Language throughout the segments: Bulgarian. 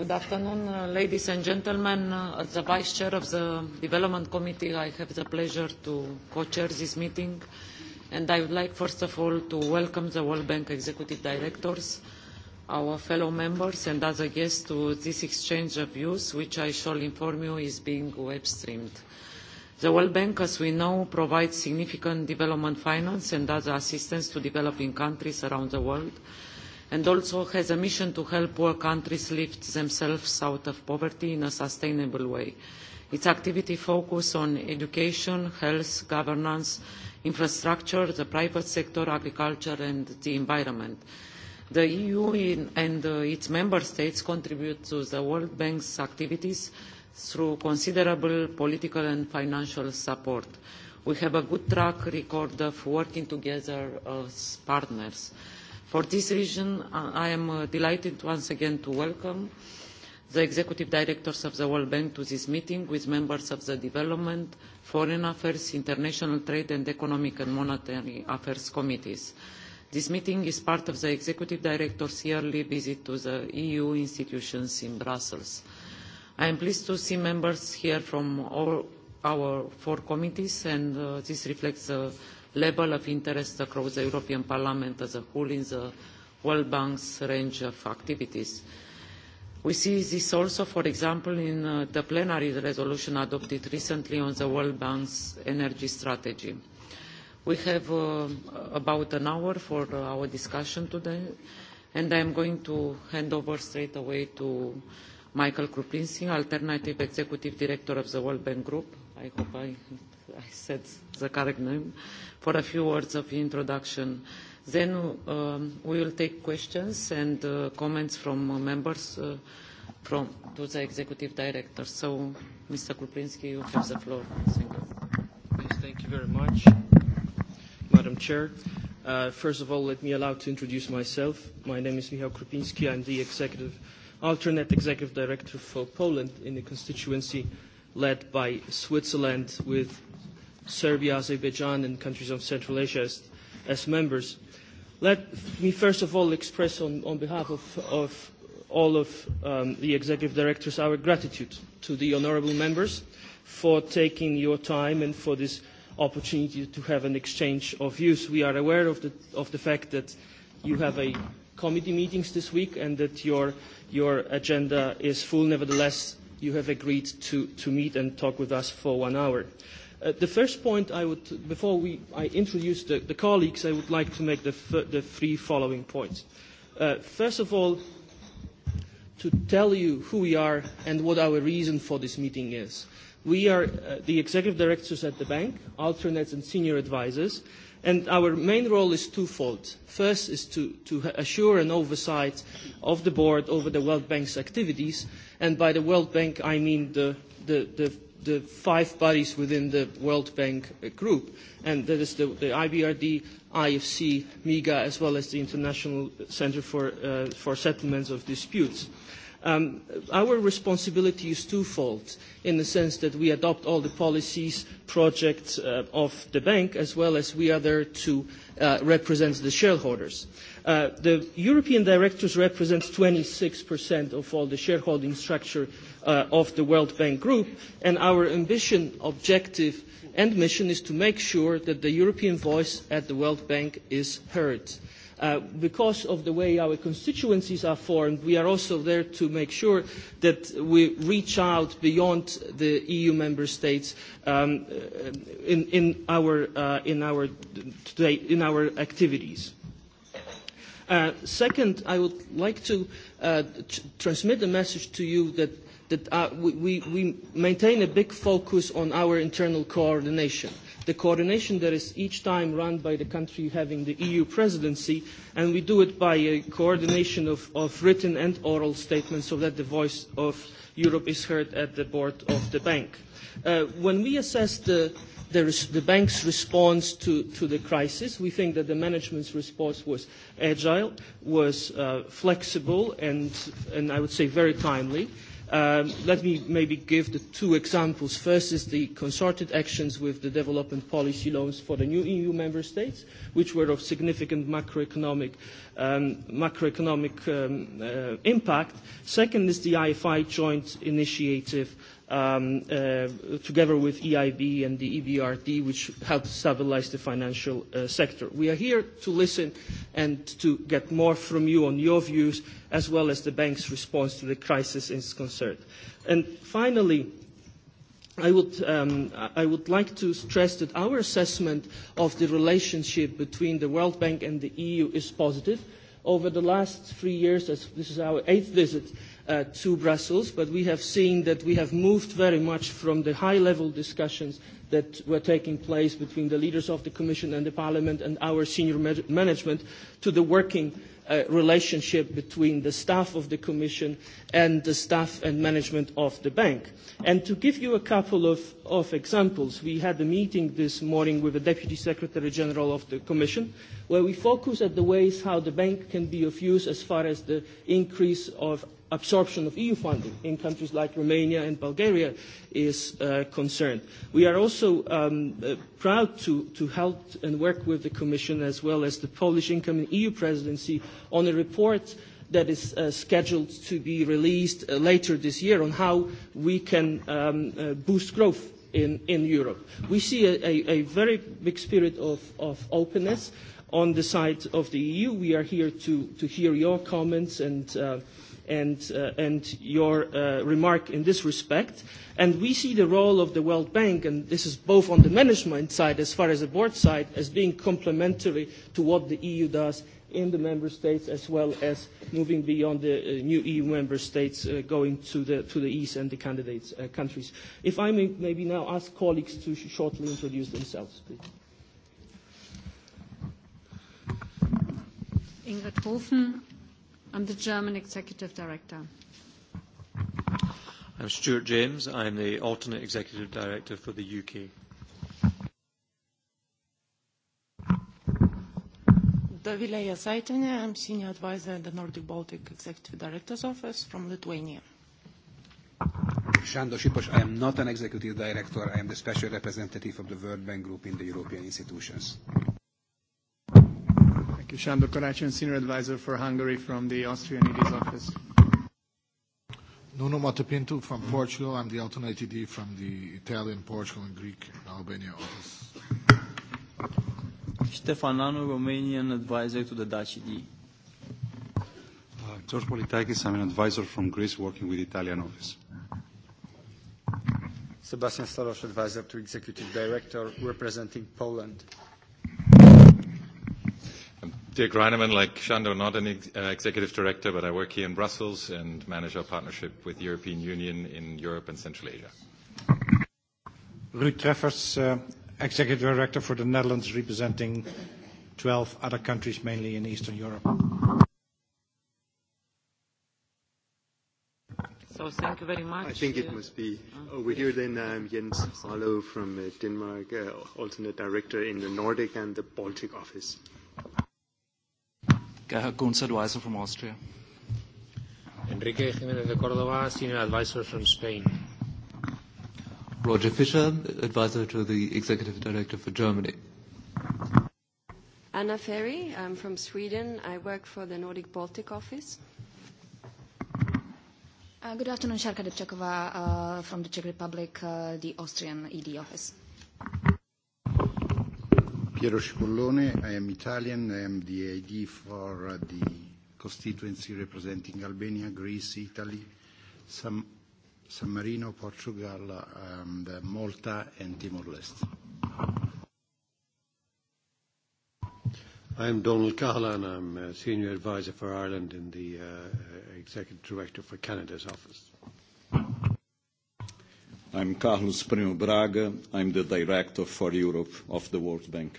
Good afternoon, ladies and gentlemen. As the Vice Chair of the Development Committee, I have the pleasure to co-chair this meeting. And I would like, first of all, to welcome the World Bank Executive Directors, our fellow members, and other guests to this exchange of views, which I shall inform you is being web-streamed. The World Bank, as we know, provides significant development finance and other assistance to developing countries around the world – and also has a mission to help poor countries lift themselves out of poverty in a sustainable way. Its activity focuses on education, health, governance, infrastructure, the private sector, agriculture and the environment. The EU and its member states contribute to the World Bank's activities through considerable political and financial support. We have a good track record of working together as partners. For this reason, I am delighted once again to welcome the executive directors of the World Bank to this meeting with members of the Development, Foreign Affairs, International Trade and Economic and Monetary Affairs Committees. This meeting is part of the Executive Director's yearly visit to the EU institutions in Brussels. I am pleased to see members here from all our four committees, and this reflects the level of interest across the European Parliament as a whole in the World Bank's range of activities. We see this also, for example, in the plenary resolution adopted recently on the World Bank's energy strategy. We have about an hour for our discussion today, and I am going to hand over straight away to Michael Kruplinski, Alternative Executive Director of the World Bank Group. I hope I I said the correct name, for a few words of introduction. Then um, we will take questions and uh, comments from uh, members uh, from to the executive director. So, Mr. Kuprinski, you have the floor. Thank you. Yes, thank you very much, Madam Chair. Uh, first of all, let me allow to introduce myself. My name is Michał Krupiński. I'm the executive, alternate executive director for Poland in the constituency led by Switzerland with Serbia, Azerbaijan, and countries of Central Asia as, as members. Let me first of all express on, on behalf of, of all of um, the executive directors our gratitude to the honourable members for taking your time and for this opportunity to have an exchange of views. We are aware of the, of the fact that you have a committee meetings this week and that your, your agenda is full. Nevertheless, you have agreed to, to meet and talk with us for one hour the first point I would, before we, I introduce the, the colleagues, I would like to make the, f- the three following points. Uh, first of all, to tell you who we are and what our reason for this meeting is. We are uh, the executive directors at the bank, alternates and senior advisors, and our main role is twofold. First is to, to assure an oversight of the board over the World Bank's activities, and by the World Bank I mean the, the, the the five bodies within the World Bank group, and that is the, the IBRD, IFC, MIGA, as well as the International Center for, uh, for Settlements of Disputes. Um, our responsibility is twofold in the sense that we adopt all the policies, projects uh, of the bank, as well as we are there to uh, represent the shareholders. Uh, the European directors represent 26% of all the shareholding structure uh, of the World Bank Group, and our ambition, objective, and mission is to make sure that the European voice at the World Bank is heard. because of the way our constituencies are formed, we are also there to make sure that we reach out beyond the EU member states in, our, activities second, I would like to uh, t transmit a message to you that that uh, we, we maintain a big focus on our internal coordination, the coordination that is each time run by the country having the EU presidency, and we do it by a coordination of, of written and oral statements so that the voice of Europe is heard at the board of the bank. Uh, when we assess the, the, res- the bank's response to, to the crisis. We think that the management's response was agile, was uh, flexible, and, and I would say very timely. Um, let me maybe give the two examples. First is the consorted actions with the development policy loans for the new EU member states, which were of significant macroeconomic, um, macroeconomic um, uh, impact. Second is the IFI joint initiative um, uh, together with EIB and the EBRD, which helped stabilize the financial uh, sector. We are here to listen and to get more from you on your views, as well as the bank's response to the crisis is concerned. And finally, I would, um, I would like to stress that our assessment of the relationship between the World Bank and the EU is positive. Over the last three years, as this is our eighth visit, to Brussels, but we have seen that we have moved very much from the high-level discussions that were taking place between the leaders of the Commission and the Parliament and our senior management to the working relationship between the staff of the Commission and the staff and management of the bank. And to give you a couple of, of examples, we had a meeting this morning with the Deputy Secretary General of the Commission, where we focus at the ways how the bank can be of use as far as the increase of absorption of EU funding in countries like Romania and Bulgaria is uh concerned. We are also um uh proud to, to help and work with the Commission as well as the Polish incoming EU Presidency on a report that is uh scheduled to be released uh later this year on how we can um uh boost growth in, in Europe. We see a, a a very big spirit of of openness on the side of the EU. We are here to, to hear your comments and and, uh, and your uh, remark in this respect. And we see the role of the World Bank, and this is both on the management side as far as the board side, as being complementary to what the EU does in the member states as well as moving beyond the uh, new EU member states uh, going to the, to the east and the candidates uh, countries. If I may maybe now ask colleagues to sh- shortly introduce themselves, please. Ingrid Hofen, I'm the German Executive Director. I'm Stuart James. I'm the alternate Executive Director for the UK. Davile Yasaitene. I'm Senior Advisor in the Nordic Baltic Executive Director's Office from Lithuania. Sándor Sipos, I am not an Executive Director. I am the Special Representative of the World Bank Group in the European institutions. Thank you. Sándor Karácsony, Senior Advisor for Hungary from the Austrian ED's office. Nuno Motapinto from Portugal. I'm the alternate ED from the Italian, Portugal, and Greek Albania office. Stefan Stefanano, Romanian advisor to the Dutch ED. George Politakis, I'm an advisor from Greece working with Italian office. Sebastian Stolarz, advisor to Executive Director representing Poland. Dirk Reinemann. Like Shando, not an ex- uh, executive director, but I work here in Brussels and manage our partnership with the European Union in Europe and Central Asia. Ruud Treffers, uh, executive director for the Netherlands, representing 12 other countries, mainly in Eastern Europe. So thank you very much. I think it must be over here then. I'm Jens Hallo from Denmark, alternate director in the Nordic and the Baltic office. Gerhard Gunz, advisor from Austria. Enrique Jiménez de Córdoba, Senior Advisor from Spain. Roger Fischer, Advisor to the Executive Director for Germany. Anna Ferry, I'm from Sweden. I work for the Nordic Baltic office. Uh, Good afternoon, Sharka uh, from the Czech Republic, uh, the Austrian ED office. Piero Cipollone. I am Italian. I am the ID for the constituency representing Albania, Greece, Italy, San Marino, Portugal, and Malta and Timor-Leste. I'm Donald Cahalan. I'm a Senior Advisor for Ireland in the Executive Director for Canada's office. I'm Carlos Primo Braga. I'm the Director for Europe of the World Bank.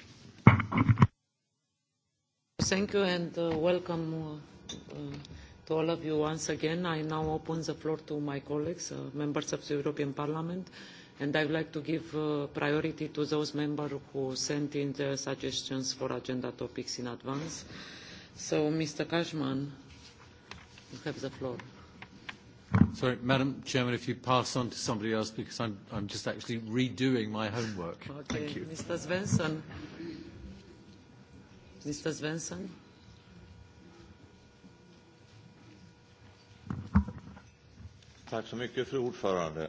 Thank you and welcome to all of you once again. I now open the floor to my colleagues, members of the European Parliament, and I would like to give priority to those members who sent in their suggestions for agenda topics in advance. So, Mr. Cashman, you have the floor. Sorry, Madam Chairman, if you pass on to somebody else, because I'm, just actually redoing my homework. Okay, Thank you. Mr. Svensson. Mr. Svensson. Tack så mycket, fru ordförande.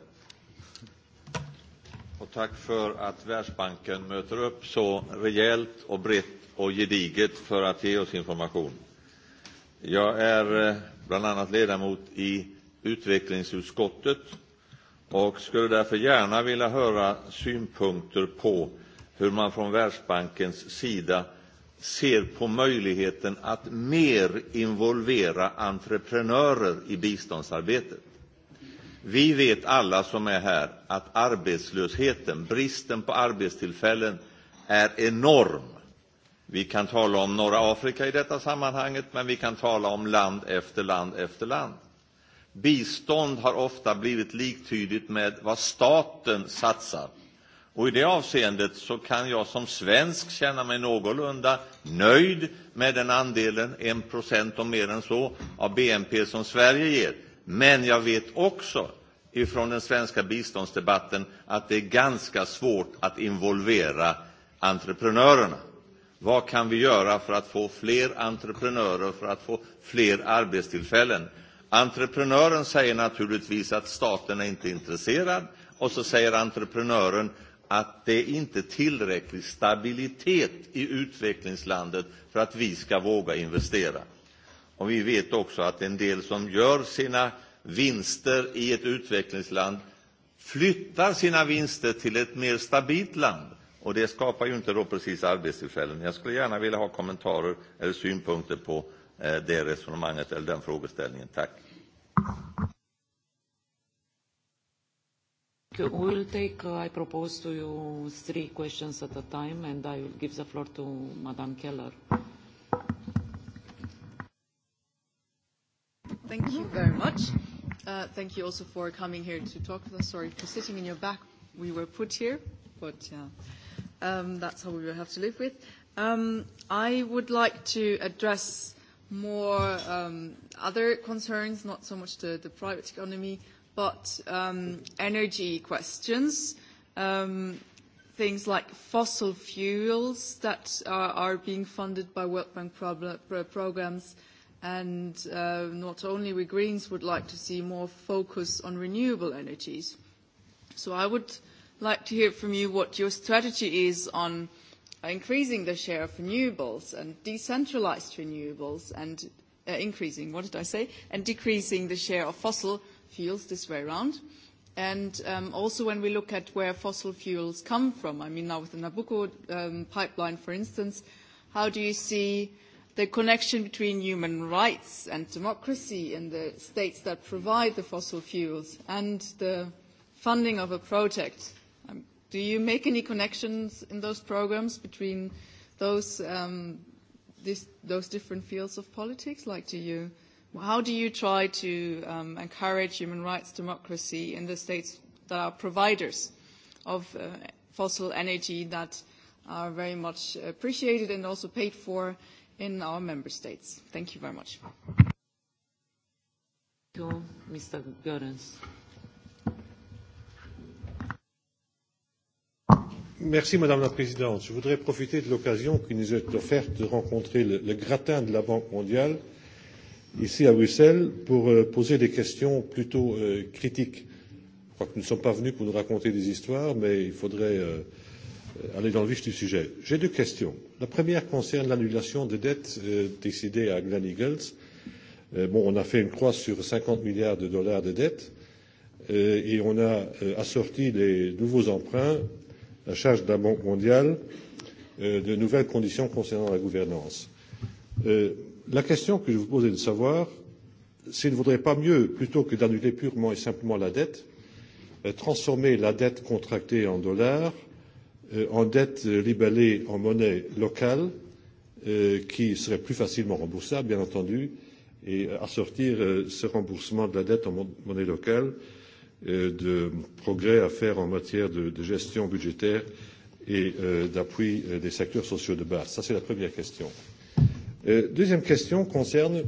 Och tack för att Världsbanken möter upp så rejält och brett och gediget för att ge oss information. Jag är bland annat ledamot i utvecklingsutskottet och skulle därför gärna vilja höra synpunkter på hur man från Världsbankens sida ser på möjligheten att mer involvera entreprenörer i biståndsarbetet. Vi vet alla som är här att arbetslösheten, bristen på arbetstillfällen, är enorm. Vi kan tala om norra Afrika i detta sammanhang, men vi kan tala om land efter land efter land. Bistånd har ofta blivit liktydigt med vad staten satsar. Och I det avseendet så kan jag som svensk känna mig någorlunda nöjd med den andelen, en procent och mer än så, av BNP som Sverige ger. Men jag vet också ifrån den svenska biståndsdebatten att det är ganska svårt att involvera entreprenörerna. Vad kan vi göra för att få fler entreprenörer, för att få fler arbetstillfällen? Entreprenören säger naturligtvis att staten är inte intresserad och så säger entreprenören att det inte är tillräcklig stabilitet i utvecklingslandet för att vi ska våga investera. Och vi vet också att en del som gör sina vinster i ett utvecklingsland flyttar sina vinster till ett mer stabilt land. Och det skapar ju inte då precis arbetstillfällen. Jag skulle gärna vilja ha kommentarer eller synpunkter på det resonemanget eller den frågeställningen. Tack. Okay, We'll take, uh, I propose to you three questions at a time, and I will give the floor to Madame Keller. Thank you very much. Uh, thank you also for coming here to talk with us. Sorry for sitting in your back. We were put here, but uh, um, that's how we will have to live with. Um, I would like to address more um, other concerns, not so much the, the private economy, but um, energy questions, um, things like fossil fuels that are, are being funded by World Bank pro- pro- programs. And uh, not only we Greens would like to see more focus on renewable energies. So I would like to hear from you what your strategy is on – by increasing the share of renewables and decentralized renewables and uh, increasing, what did I say? And decreasing the share of fossil fuels this way around. And um, also when we look at where fossil fuels come from, I mean now with the Nabucco um, pipeline, for instance, how do you see the connection between human rights and democracy in the states that provide the fossil fuels and the funding of a project Do you make any connections in those programs between those um, this, those different fields of politics? Like, do you how do you try to um, encourage human rights democracy in the states that are providers of uh, fossil energy that are very much appreciated and also paid for in our member states? Thank you very much. Mr. Goerens. Madame la Présidente. Je voudrais profiter de l'occasion qui nous est offerte de rencontrer le, gratin de la Banque mondiale ici à Bruxelles pour poser des questions plutôt critiques. Je crois que nous ne sommes pas venus pour nous raconter des histoires, mais il faudrait aller dans le vif du sujet. J'ai deux questions. La première concerne l'annulation des dettes décidées à Glen Eagles. on a fait une croix sur cinquante milliards de dollars de dettes et on a assorti les nouveaux emprunts la charge de la Banque mondiale de nouvelles conditions concernant la gouvernance. la question que je vous pose est de savoir s'il ne vaudrait pas mieux, plutôt que d'annuler purement et simplement la dette, transformer la dette contractée en dollars en dette libellée en monnaie locale qui serait plus facilement remboursable, bien entendu, et assortir ce remboursement de la dette en monnaie locale euh, de progrès à faire en matière de, gestion budgétaire et d'appui des secteurs sociaux de base. Ça, c'est la première question. deuxième question concerne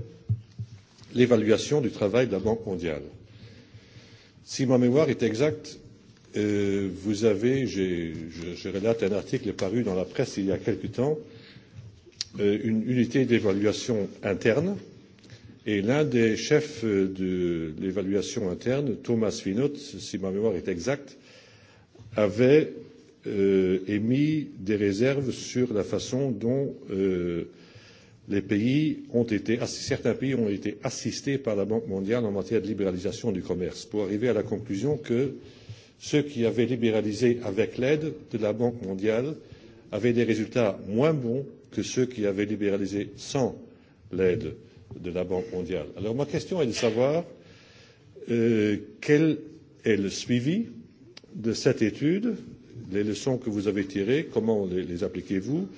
l'évaluation du travail de la Banque mondiale. Si ma mémoire est exacte, vous avez, je, relate un article paru dans la presse il y a quelque temps, une unité d'évaluation interne euh, Et l'un des chefs de l'évaluation interne, Thomas Finot, si ma mémoire est exacte, avait émis des réserves sur la façon dont les pays ont été, certains pays ont été assistés par la Banque mondiale en matière de libéralisation du commerce, pour arriver à la conclusion que ceux qui avaient libéralisé avec l'aide de la Banque mondiale avaient des résultats moins bons que ceux qui avaient libéralisé sans l'aide. Euh, de la Banque mondiale. Alors ma question est de savoir quel est le suivi de cette étude, les leçons que vous avez tirées, comment les, appliquez-vous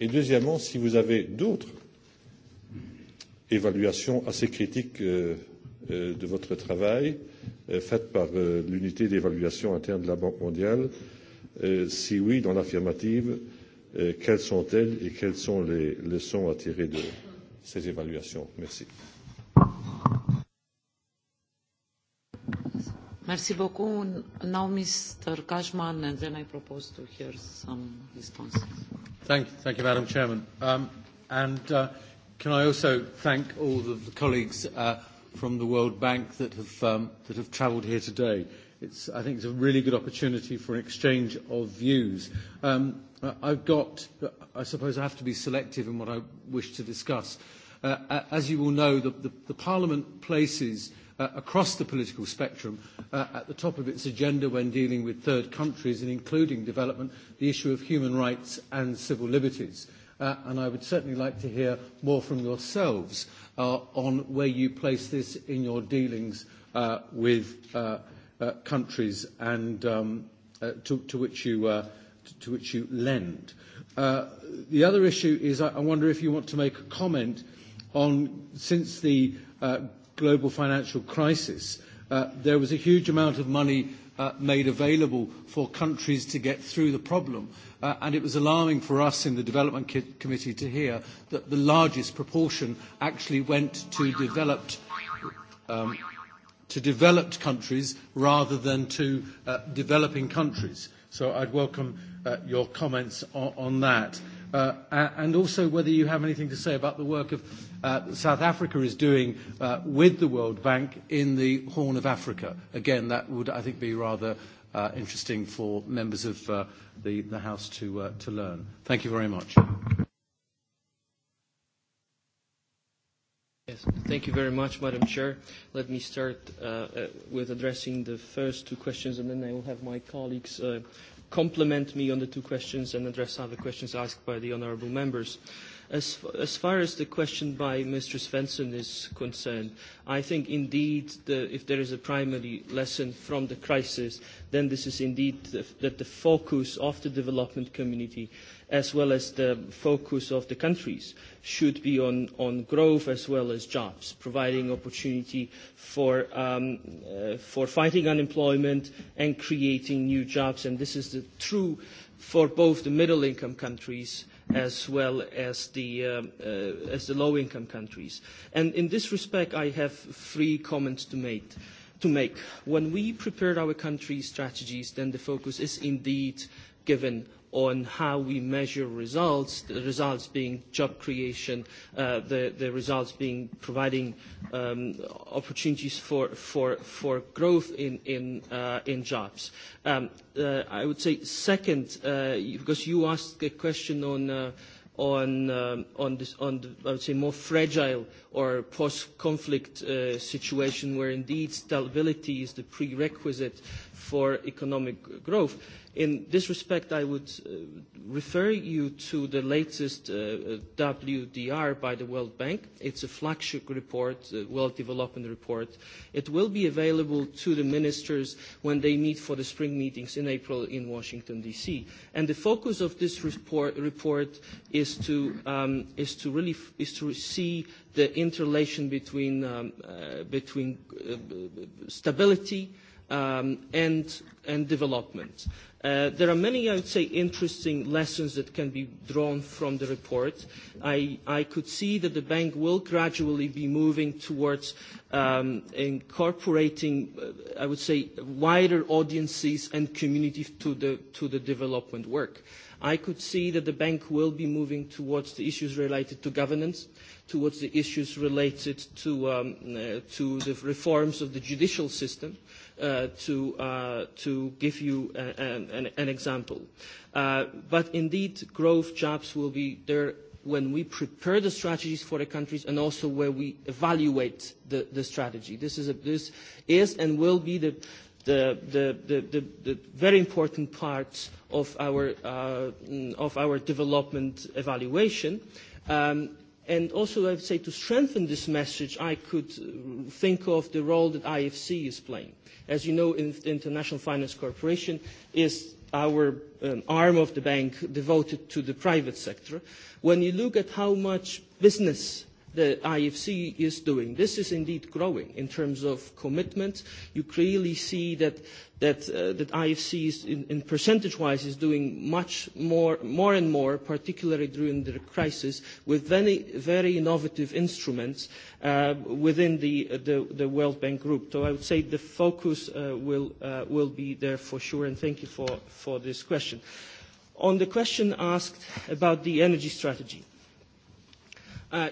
Et deuxièmement, si vous avez d'autres évaluations assez critiques de votre travail faites par l'unité d'évaluation interne de la Banque mondiale, si oui, dans l'affirmative, quelles sont-elles et quelles sont les leçons à tirer d'eux ces évaluations. Merci. Merci beaucoup. Now, Mr. Cashman, and then I propose to hear some responses. Thank, you, thank you, Madam Chairman. Um, and uh, can I also thank all of the colleagues uh, from the World Bank that have, um, that have traveled here today. It's, I think it's a really good opportunity for an exchange of views. Um, I've got, I suppose I have to be selective in what I wish to discuss. Uh, as you will know, the, the, the Parliament places uh, across the political spectrum uh, at the top of its agenda when dealing with third countries and including development, the issue of human rights and civil liberties. Uh, and I would certainly like to hear more from yourselves uh, on where you place this in your dealings uh, with uh, uh, countries and um, uh, to, to which you uh, to which you lend. Uh, the other issue is I, I wonder if you want to make a comment on since the uh, global financial crisis, uh, there was a huge amount of money uh, made available for countries to get through the problem. Uh, and it was alarming for us in the Development Committee to hear that the largest proportion actually went to developed um, to developed countries rather than to uh, developing countries. So I'd welcome your comments on that. And also whether you have anything to say about the work of South Africa is doing with the World Bank in the Horn of Africa. Again, that would, I think, be rather interesting for members of the House to learn. Thank you very much. Yes. Thank you very much, Madam Chair. Let me start with addressing the first two questions, and then I will have my colleagues complement me on the two questions and address other questions asked by the honourable members. As, as far as the question by Mr. Svensson is concerned, I think indeed the, if there is a primary lesson from the crisis, then this is indeed the, that the focus of the development community as well as the focus of the countries should be on, on growth as well as jobs, providing opportunity for, um, uh, for fighting unemployment and creating new jobs. And this is the, true for both the middle income countries as well as the, uh, uh, as the low income countries. And in this respect, I have three comments to make to make. When we prepared our country strategies, then the focus is indeed given on how we measure results, the results being job creation, the, results being providing opportunities for, growth in, jobs. I would say second, because you asked a question on on this, on the, I would say, more fragile or post-conflict situation where indeed stability is the prerequisite for economic growth. In this respect, I would refer you to the latest WDR by the World Bank. It's a flagship report, a World Development Report. It will be available to the ministers when they meet for the spring meetings in April in Washington, D.C. And the focus of this report, report is, to, um, is to really is to see the interrelation between, um, uh, between uh, stability, uh, and, development. there are many, I would say, interesting lessons that can be drawn from the report. I, I could see that the bank will gradually be moving towards incorporating, I would say, wider audiences and communities to the, to the development work. I could see that the bank will be moving towards the issues related to governance, towards the issues related to, the reforms of the judicial system, to, to give you an, an, an example. but indeed, growth jobs will be there when we prepare the strategies for the countries and also where we evaluate the, the strategy. This is, a, this is and will be the, the, the, the, the, the very important part of our, uh, of our development evaluation. Um, And also, I would say, to strengthen this message, I could think of the role that IFC is playing. As you know, the International Finance Corporation is our um, arm of the bank devoted to the private sector. When you look at how much business the IFC is doing. This is indeed growing in terms of commitment. You clearly see that that IFC is in, in percentage-wise is doing much more, and more, particularly during the crisis, with very very innovative instruments within the, the the World Bank Group. So I would say the focus will will be there for sure. And thank you for for this question. On the question asked about the energy strategy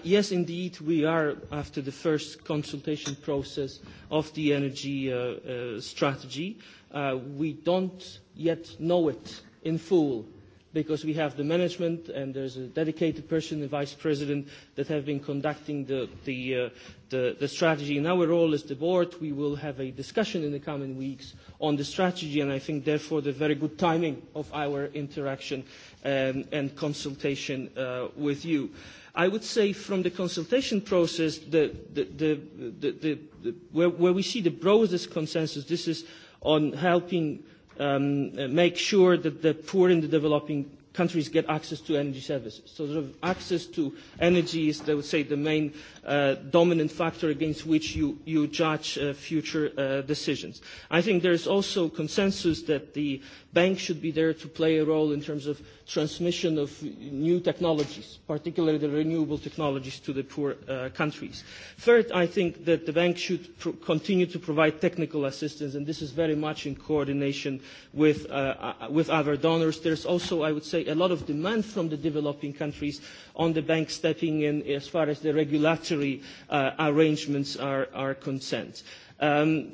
yes, indeed, we are after the first consultation process of the energy uh, uh, strategy. Uh, we don't yet know it in full because we have the management and there's a dedicated person, the vice president, that have been conducting the, the, uh, the, the strategy. In our role as the board, we will have a discussion in the coming weeks on the strategy, and I think therefore the very good timing of our interaction and consultation uh, with you. Uh, I would say from the consultation process, the, the, the, the, the, the, where, where we see the broadest consensus, this is on helping um, make sure that the poor in the developing countries get access to energy services. So sort of access to energy is, I would say, the main uh, dominant factor against which you, you judge uh, future uh, decisions. I think there is also consensus that the Banks should be there to play a role in terms of transmission of new technologies, particularly the renewable technologies to the poor uh, countries. Third, I think that the bank should continue to provide technical assistance, and this is very much in coordination with, uh, with other donors. There's also, I would say, a lot of demand from the developing countries on the bank stepping in as far as the regulatory uh, arrangements are, are concerned. Um,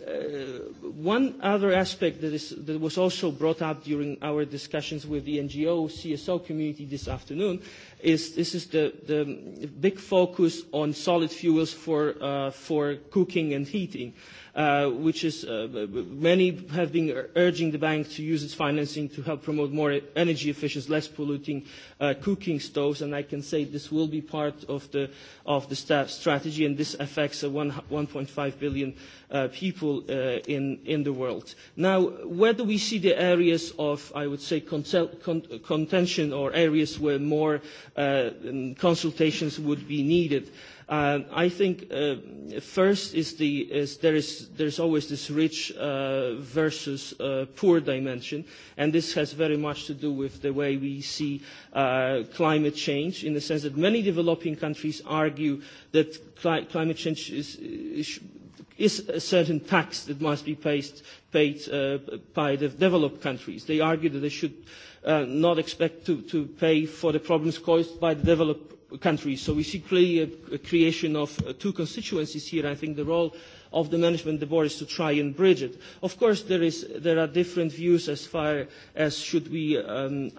one other aspect that, is, that was also brought up during our discussions with the NGO CSO community this afternoon is this is the, the big focus on solid fuels for, uh, for cooking and heating, uh, which is uh, many have been urging the bank to use its financing to help promote more energy efficient, less polluting uh, cooking stoves. And I can say this will be part of the, of the staff strategy, and this affects uh, 1.5 billion uh, people uh, in, in the world. Now, where do we see the areas of, I would say, con contention or areas where more consultations would be needed. I think first is the is there is there's always this rich uh versus uh poor dimension, and this has very much to do with the way we see uh climate change in the sense that many developing countries argue that cli climate change is, is a certain tax that must be paid uh, by the developed countries. They argue that they should uh, not expect to, to pay for the problems caused by the developed countries. So we see clearly a, a creation of uh, two constituencies here. I think the role of the management, the board is to try and bridge it. Of course, there, is, there are different views as far as should we um,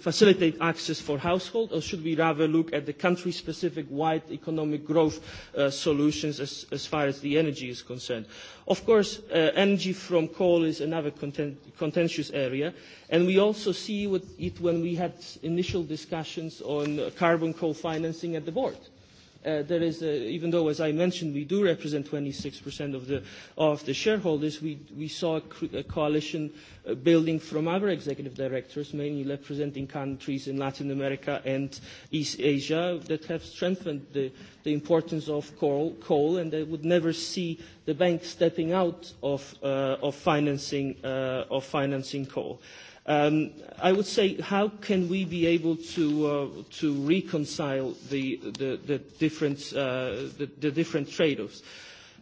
facilitate access for households or should we rather look at the country-specific wide economic growth uh, solutions as, as far as the energy is concerned. Of course, uh, energy from coal is another content, contentious area, and we also see with it when we had initial discussions on carbon coal financing at the board there is, a, even though, as I mentioned, we do represent 26% of the, of the shareholders, we, we saw a, a coalition building from other executive directors, mainly representing countries in Latin America and East Asia, that have strengthened the, the importance of coal, coal, and they would never see the bank stepping out of, of, financing, of financing coal. Um, I would say, how can we be able to, uh, to reconcile the, the, the, different, uh, the, the different trade-offs?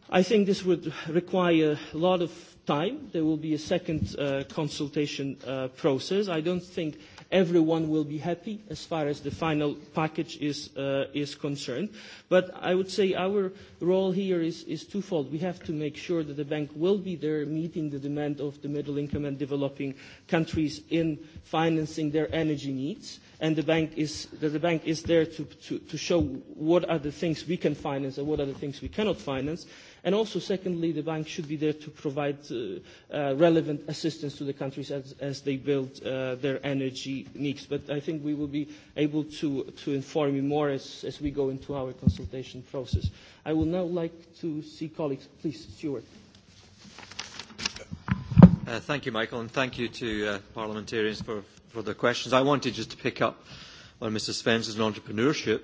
I think this would require a lot of time. There will be a second uh, consultation uh, process. I don't think everyone will be happy as far as the final package is, uh, is concerned. But I would say our role here is, is twofold. We have to make sure that the bank will be there meeting the demand of the middle income and developing countries in financing their energy needs and the bank is that the bank is there to, to, to show what are the things we can finance and what are the things we cannot finance And also, secondly, the bank should be there to provide uh, uh, relevant assistance to the countries as, as they build uh, their energy needs. But I think we will be able to, to inform you more as, as we go into our consultation process. I will now like to see colleagues. Please, Stuart. Uh, thank you, Michael, and thank you to uh, parliamentarians for, for the questions. I wanted just to pick up on Mr. Spencer's entrepreneurship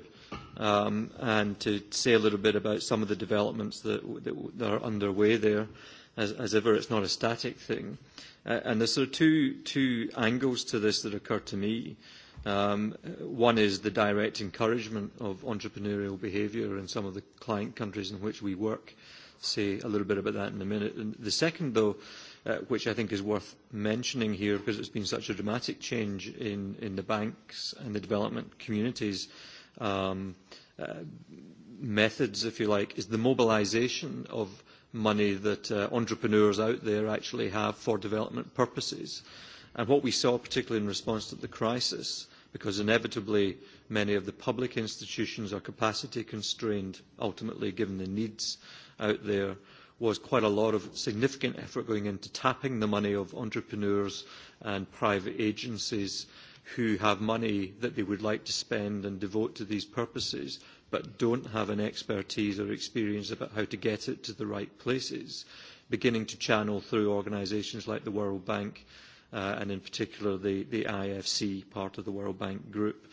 um, and to say a little bit about some of the developments that, that, that are underway there. As, as ever, it's not a static thing. Uh, and there's sort of two, two angles to this that occur to me. Um, one is the direct encouragement of entrepreneurial behaviour in some of the client countries in which we work. Say a little bit about that in a minute. And the second, though, uh, which I think is worth mentioning here because it's been such a dramatic change in, in the banks and the development communities, uh, um, uh, methods, if you like, is the mobilisation of money that uh, entrepreneurs out there actually have for development purposes. And what we saw, particularly in response to the crisis, because inevitably many of the public institutions are capacity constrained, ultimately given the needs out there, was quite a lot of significant effort going into tapping the money of entrepreneurs and private agencies uh, who have money that they would like to spend and devote to these purposes, but don't have an expertise or experience about how to get it to the right places, beginning to channel through organisations like the World Bank uh, and in particular the, the IFC part of the World Bank group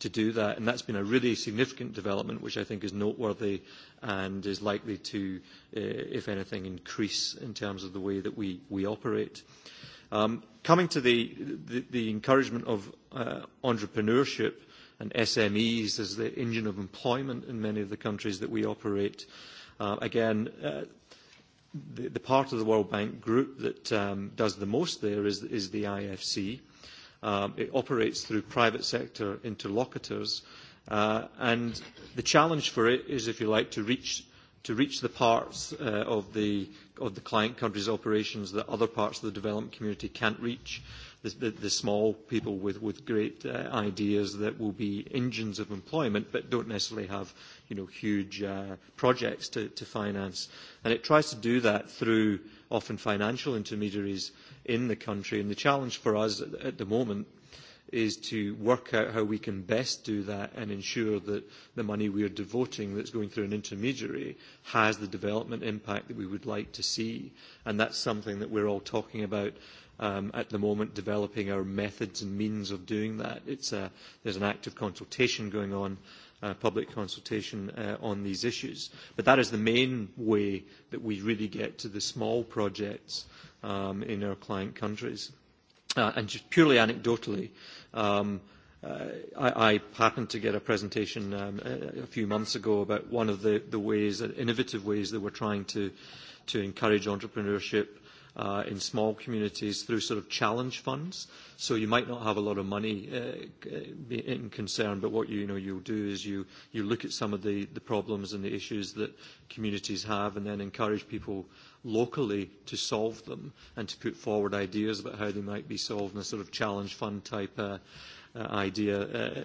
to do that. And that's been a really significant development, which I think is noteworthy and is likely to, uh, if anything, increase in terms of the way that we, we operate. Uh, Um, coming to the, the, the encouragement of uh, entrepreneurship and SMEs as the engine of employment in many of the countries that we operate, uh, again, uh, the, the part of the World Bank group that um, does the most there is, is the IFC. Um, it operates through private sector interlocutors, uh, and the challenge for it is, if you like, to reach to reach the parts uh, of, the, of the client countries' operations that other parts of the development community can't reach, the, the, the small people with, with great uh, ideas that will be engines of employment but don't necessarily have you know, huge uh, projects to, to finance. And it tries to do that through often financial intermediaries in the country. And the challenge for us at, at the moment is to work out how we can best do that and ensure that the money we are devoting that's going through an intermediary has the development impact that we would like to see. And that's something that we're all talking about um, at the moment, developing our methods and means of doing that. It's a, there's an active consultation going on, uh, public consultation uh, on these issues. But that is the main way that we really get to the small projects um, in our client countries. Uh, and just purely anecdotally, uh, Um, uh, I, I happened to get a presentation um, a, a few months ago about one of the, the ways, innovative ways that we're trying to, to encourage entrepreneurship uh, in small communities through sort of challenge funds. So you might not have a lot of money uh, in concern, but what you, you know you'll do is you you look at some of the the problems and the issues that communities have, and then encourage people locally to solve them and to put forward ideas about how they might be solved in a sort of challenge fund type. Uh, uh, idea uh,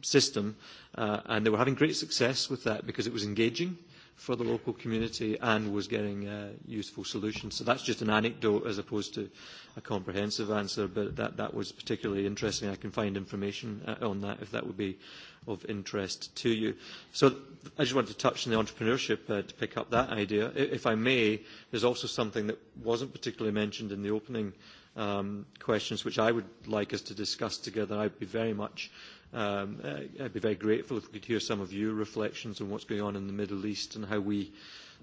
system, uh, and they were having great success with that because it was engaging for the local community and was getting uh, useful solutions. So that's just an anecdote as opposed to a comprehensive answer, but that, that was particularly interesting. I can find information on that if that would be of interest to you. So I just wanted to touch on the entrepreneurship uh, to pick up that idea. If I may, there's also something that wasn't particularly mentioned in the opening um, questions, which I would like us to discuss together. I'd be very much Um, I'd be very grateful if we could hear some of your reflections on what's going on in the Middle East and how we,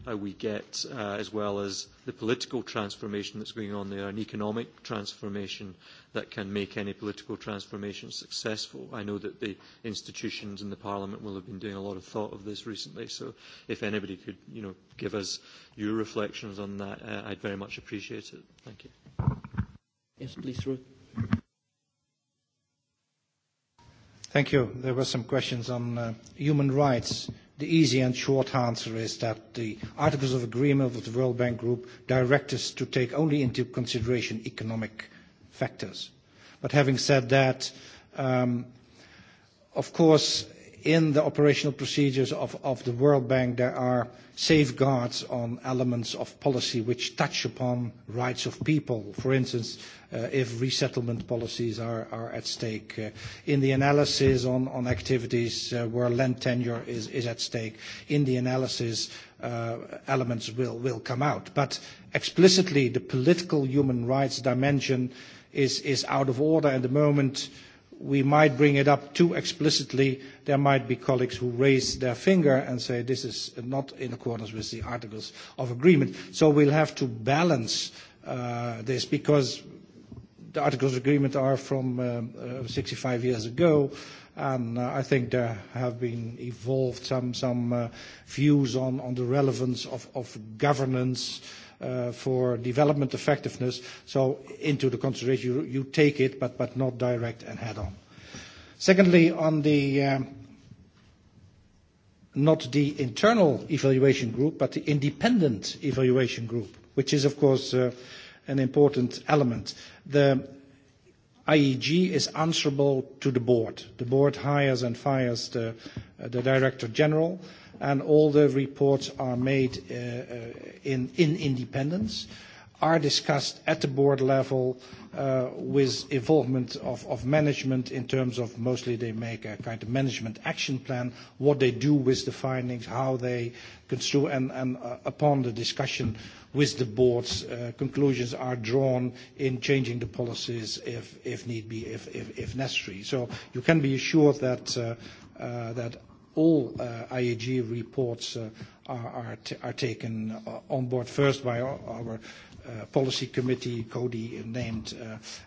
how we get, uh, as well as the political transformation that's going on there, an economic transformation that can make any political transformation successful. I know that the institutions and the Parliament will have been doing a lot of thought of this recently, so if anybody could you know, give us your reflections on that, uh, I'd very much appreciate it. Thank you. Yes, please, Ruth. Thank you. There were some questions on human rights. The easy and short answer is that the Articles of Agreement of the World Bank Group direct us to take only into consideration economic factors. But having said that, of course, in the operational procedures of, the World Bank, there are safeguards on elements of policy which touch upon rights of people. For instance, if resettlement policies are, are at stake. in the analysis on, activities where land tenure is, at stake, in the analysis, elements will, will come out. But explicitly, the political human rights dimension is, out of order at the moment we might bring it up too explicitly, there might be colleagues who raise their finger and say this is not in accordance with the Articles of Agreement. So we'll have to balance this because the Articles of Agreement are from sixty five years ago, and I think there have been evolved some, some views on, the relevance of, governance for development effectiveness. So into the consideration, you take it, but not direct and head-on. Secondly, on the not the internal evaluation group, but the independent evaluation group, which is, of course, an important element. The IEG is answerable to the board. The board hires and fires the director general and all the reports are made in independence, are discussed at the board level with involvement of management in terms of mostly they make a kind of management action plan, what they do with the findings, how they construe, and upon the discussion with the boards, conclusions are drawn in changing the policies if need be, if necessary. So you can be assured that all IAG reports are taken on board first by our policy committee, Cody named,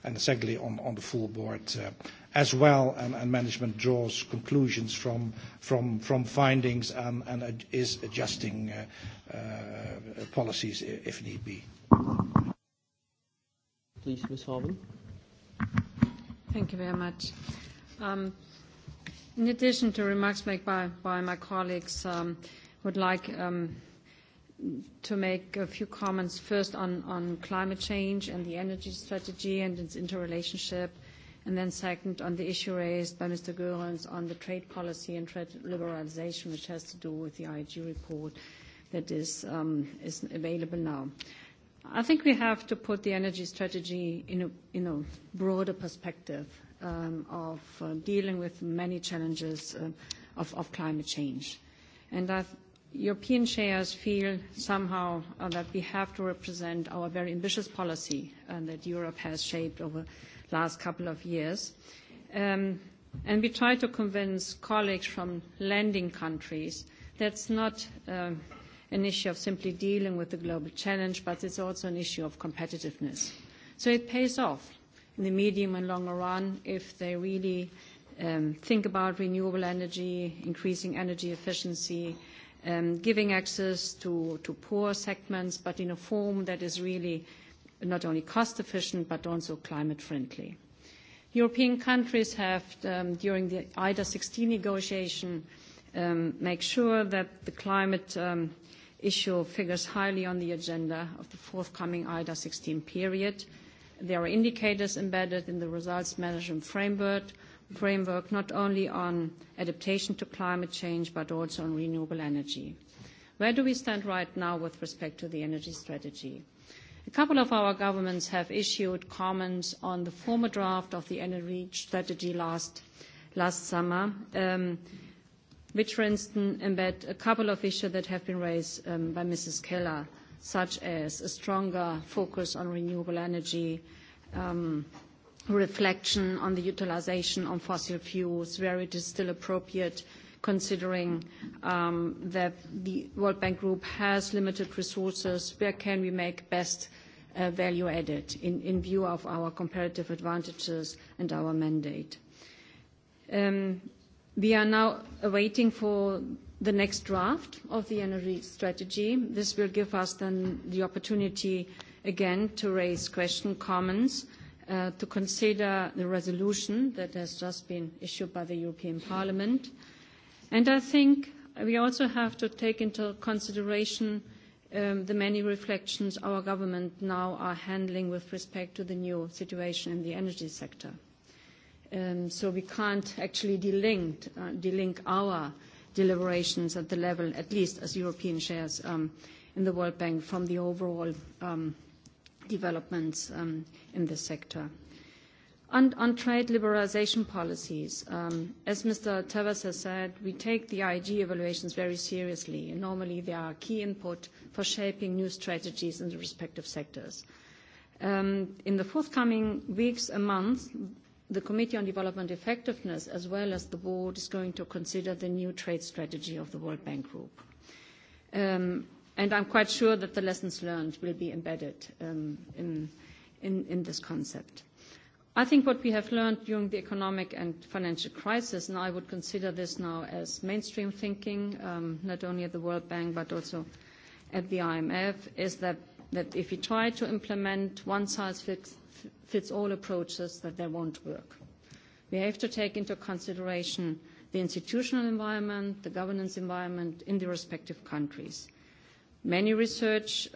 and secondly on the full board as well, and management draws conclusions from findings and is adjusting policies if need be. Please, Ms. Harman. Thank you very much. In addition to remarks made by my colleagues, I would like to make a few comments first on climate change and the energy strategy and its interrelationship, and then second, on the issue raised by Mr. Goerens on the trade policy and trade liberalization, which has to do with the IG report that is available now. I think we have to put the energy strategy in a broader perspective of dealing with many challenges of climate change. And European shares feel somehow that we have to represent our very ambitious policy that Europe has shaped over the last couple of years. And we try to convince colleagues from lending countries that's not an issue of simply dealing with the global challenge, but it's also an issue of competitiveness. So it pays off in the medium and longer run if they really um, think about renewable energy, increasing energy efficiency, um, giving access to, to poor segments, but in a form that is really not only cost efficient but also climate friendly. European countries have, um, during the IDA 16 negotiation, um, make sure that the climate um, issue figures highly on the agenda of the forthcoming IDA 16 period. There are indicators embedded in the results management framework, not only on adaptation to climate change, but also on renewable energy. Where do we stand right now with respect to the energy strategy? A couple of our governments have issued comments on the former draft of the energy strategy last last summer, which, for instance, embed a couple of issues that have been raised by Mrs. Keller such as a stronger focus on renewable energy, reflection on the utilization of fossil fuels, where it is still appropriate, considering that the World Bank Group has limited resources, where can we make best value added in view of our comparative advantages and our mandate. We are now awaiting for the next draft of the energy strategy. This will give us then the opportunity again to raise question comments, to consider the resolution that has just been issued by the European Parliament. And I think we also have to take into consideration the many reflections our government now are handling with respect to the new situation in the energy sector. So we can't actually delink our deliberations at the level, at least as European shares in the World Bank, from the overall developments in this sector. On trade liberalization policies, as Mr. Tavares has said, we take the IEG evaluations very seriously, and normally they are key input for shaping new strategies in the respective sectors. In the forthcoming weeks and months, the Committee on Development Effectiveness, as well as the board, is going to consider the new trade strategy of the World Bank Group. Um, and I'm quite sure that the lessons learned will be embedded um, in, in, in this concept. I think what we have learned during the economic and financial crisis, and I would consider this now as mainstream thinking, um, not only at the World Bank but also at the IMF, is that that if we try to implement one-size-fits-all approaches, that they won't work. We have to take into consideration the institutional environment, the governance environment in the respective countries. Many research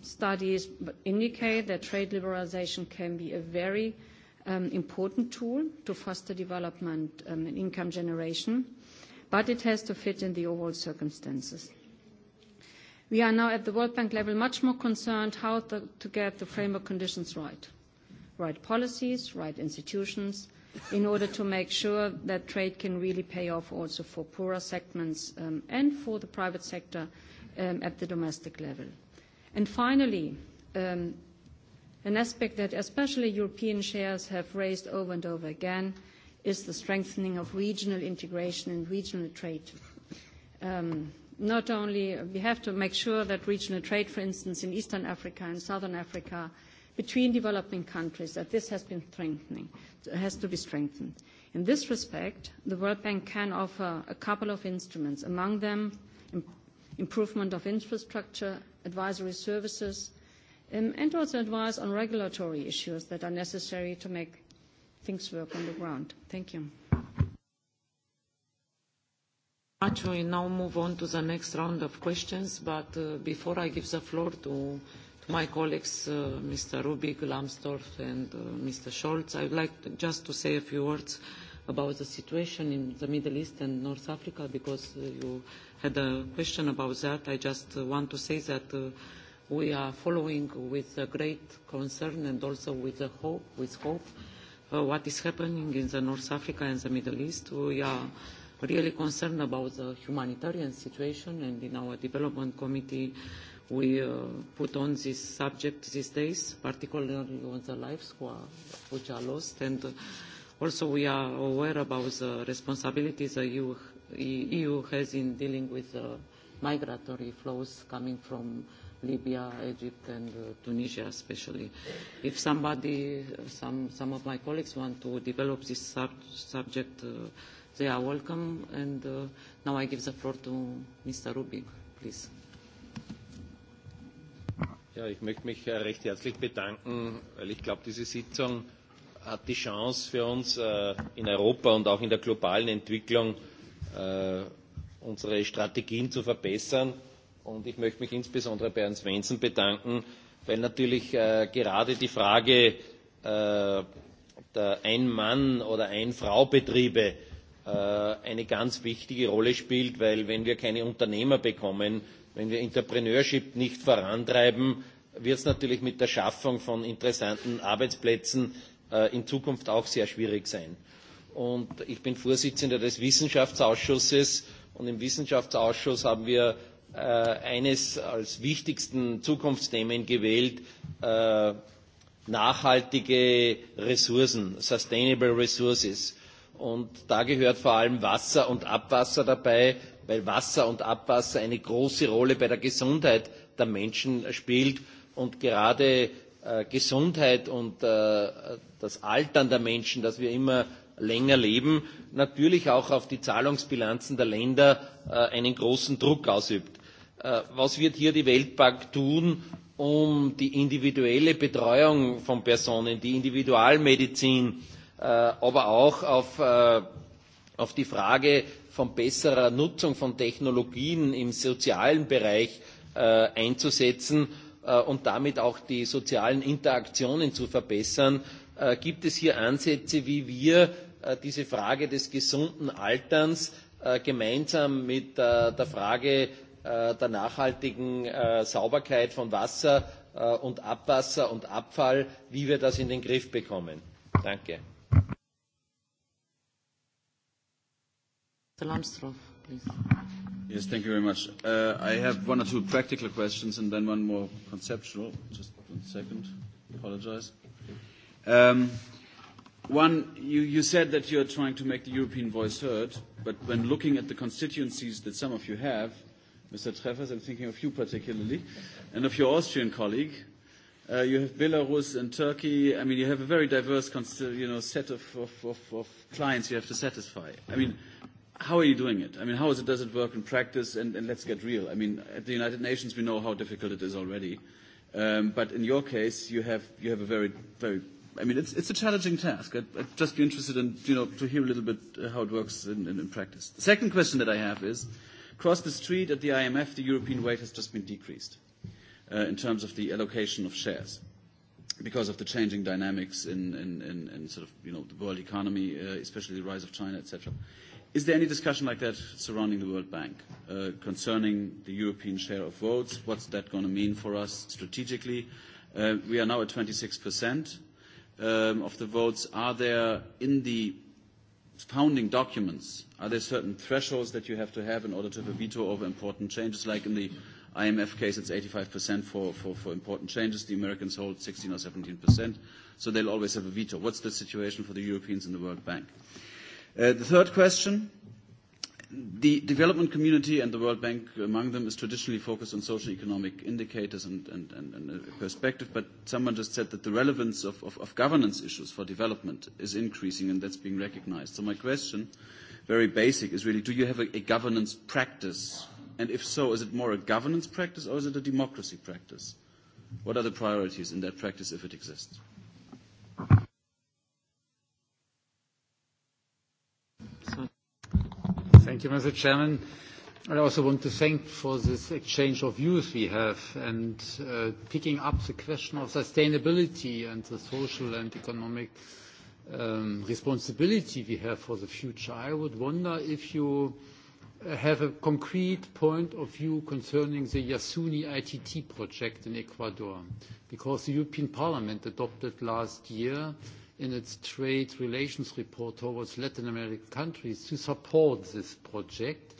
studies indicate that trade liberalisation can be a very important tool to foster development and income generation, but it has to fit in the overall circumstances. We are now at the World Bank level much more concerned how the, to get the framework conditions right. Right policies, right institutions, in order to make sure that trade can really pay off also for poorer segments um, and for the private sector um, at the domestic level. And finally, um, an aspect that especially European shares have raised over and over again is the strengthening of regional integration and regional trade. Um, not only we have to make sure that regional trade, for instance, in Eastern Africa and Southern Africa, between developing countries, that this has been strengthening, has to be strengthened. In this respect, the World Bank can offer a couple of instruments, among them improvement of infrastructure, advisory services, and also advice on regulatory issues that are necessary to make things work on the ground. Thank you. Actually, We now move on to the next round of questions, but before I give the floor to, to my colleagues, Mr. Rubik, Lambsdorff, and Mr. Scholz, I would like just to say a few words about the situation in the Middle East and North Africa, because you had a question about that. I just want to say that we are following with great concern and also with hope, what is happening in the North Africa and the Middle East. We are really concerned about the humanitarian situation and in our development committee we uh, put on this subject these days, particularly on the lives who are, which are lost and uh, also we are aware about the responsibilities the EU, EU has in dealing with uh, migratory flows coming from Libya, Egypt, and uh, Tunisia especially. If somebody, some, some of my colleagues want to develop this sub subject, uh, they are welcome. And uh, now I give the floor to Mr. Rubik, please. Ja, ich möchte mich recht herzlich bedanken, weil ich glaube, diese Sitzung hat die Chance für uns in Europa und auch in der globalen Entwicklung unsere Strategien zu verbessern Und ich möchte mich insbesondere bei Herrn Svensson bedanken, weil natürlich gerade die Frage der Ein-Mann- oder Ein-Frau-Betriebe eine ganz wichtige Rolle spielt, weil wenn wir keine Unternehmer bekommen, wenn wir Entrepreneurship nicht vorantreiben, wird es natürlich mit der Schaffung von interessanten Arbeitsplätzen in Zukunft auch sehr schwierig sein. Und ich bin Vorsitzender des Wissenschaftsausschusses und im Wissenschaftsausschuss haben wir eines als wichtigsten Zukunftsthemen gewählt, nachhaltige Ressourcen, sustainable resources. Und da gehört vor allem Wasser und Abwasser dabei, weil Wasser und Abwasser eine große Rolle bei der Gesundheit der Menschen spielt und gerade Gesundheit und das Altern der Menschen, dass wir immer länger leben, natürlich auch auf die Zahlungsbilanzen der Länder einen großen Druck ausübt was wird hier die Weltbank tun, um die individuelle Betreuung von Personen, die Individualmedizin, aber auch auf, die Frage von besserer Nutzung von Technologien im sozialen Bereich einzusetzen und damit auch die sozialen Interaktionen zu verbessern. Gibt es hier Ansätze, wie wir diese Frage des gesunden Alterns gemeinsam mit der Frage der nachhaltigen Sauberkeit von Wasser und Abwasser und Abfall, wie wir das in den Griff bekommen. Danke. Yes, thank you very much. Uh, I have one or two practical questions and then one more conceptual. Just one second. Apologize. Um, one, you, you said that you're trying to make the European voice heard, but when looking at the constituencies that some of you have, Mr. Treffers, I'm thinking of you particularly, and of your Austrian colleague. Uh, you have Belarus and Turkey. I mean, you have a very diverse you know, set of, of, of, of clients you have to satisfy. I mean, how are you doing it? I mean, how is it, does it work in practice? And, and let's get real. I mean, at the United Nations, we know how difficult it is already. Um, but in your case, you have, you have a very, very I mean, it's, it's a challenging task. I'd, I'd just be interested in, you know, to hear a little bit how it works in, in, in practice. The second question that I have is, uh, Across the street at the IMF, the European weight has just been decreased uh, in terms of the allocation of shares because of the changing dynamics in, in, in, in sort of, you know, the world economy, uh, especially the rise of China, etc. Is there any discussion like that surrounding the World Bank uh, concerning the European share of votes? What's that going to mean for us strategically? Uh, we are now at 26% um, of the votes. Are there in the founding documents? Are there certain thresholds that you have to have in order to have a veto over important changes? Like in the IMF case, it's 85% for, for, for important changes. The Americans hold 16 or 17%, so they'll always have a veto. What's the situation for the Europeans in the World Bank? Uh, the third question The development community and the World Bank among them is traditionally focused on social economic indicators and, and, and, and perspective, but someone just said that the relevance of, of, of governance issues for development is increasing and that's being recognized. So my question, very basic, is really do you have a, a governance practice? And if so, is it more a governance practice or is it a democracy practice? What are the priorities in that practice if it exists? Thank you, Mr. Chairman. I also want to thank for this exchange of views we have and picking up the question of sustainability and the social and economic responsibility we have for the future. I would wonder if you have a concrete point of view concerning the Yasuni ITT project in Ecuador, because the European Parliament adopted last year in its trade relations report towards Latin American countries to support this project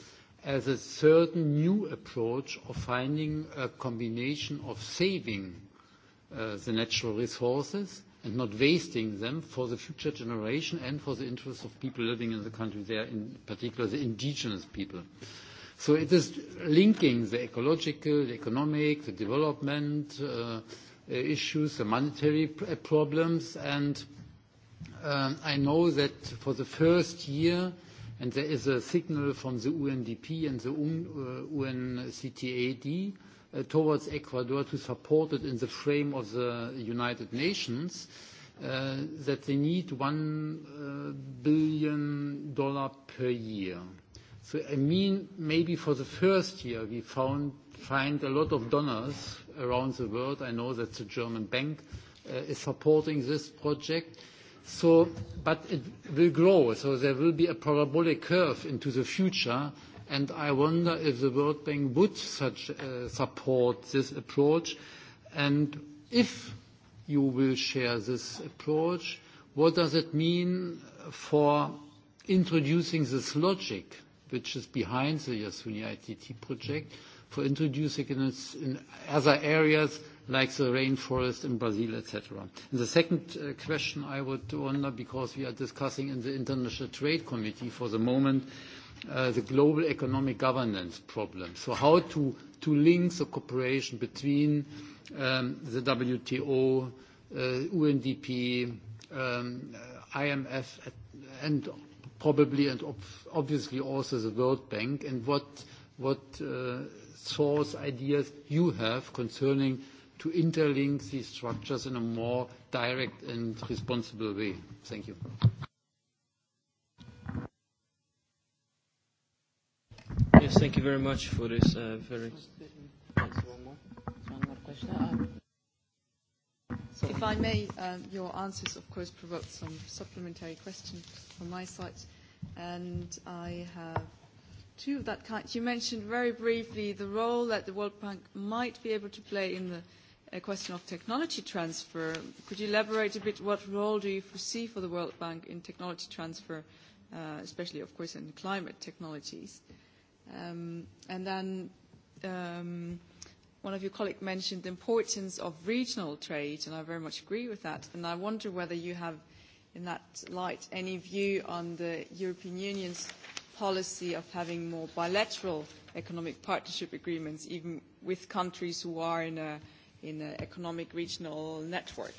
as a certain new approach of finding a combination of saving the natural resources and not wasting them for the future generation and for the interests of people living in the country there, in particular the indigenous people. So It is linking the ecological, the economic, the development issues, the monetary problems, and I know that for the first year, and there is a signal from the UNDP and the UNCTAD towards Ecuador to support it in the frame of the United Nations, that they need $1 billion per year. So I mean, maybe for the first year, we find a lot of donors around the world. I know that the German bank is supporting this project So, but it will grow, so there will be a parabolic curve into the future, and I wonder if the World Bank would such support this approach, and if you will share this approach, what does it mean for introducing this logic, which is behind the Yasuni ITT project, for introducing it in other areas like the rainforest in Brazil, et cetera. The second question I would wonder, because we are discussing in the International Trade Committee for the moment, the global economic governance problem. So How to link the cooperation between the WTO, UNDP, IMF, and probably and obviously also the World Bank, and what what source ideas you have concerning to interlink these structures in a more direct and responsible way? Thank you. Yes, thank you very much for this uh, very. One more question. If I may, your answers, of course, provoked some supplementary questions from my side, and I have two of that kind. You mentioned very briefly the role that the World Bank might be able to play in the a question of technology transfer. Could you elaborate a bit what role do you foresee for the World Bank in technology transfer, uh, especially, of course, in climate technologies? Um, and then um, one of your colleagues mentioned the importance of regional trade, and I very much agree with that. And I wonder whether you have, in that light, any view on the European Union's policy of having more bilateral economic partnership agreements, even with countries who are in a in an economic regional network.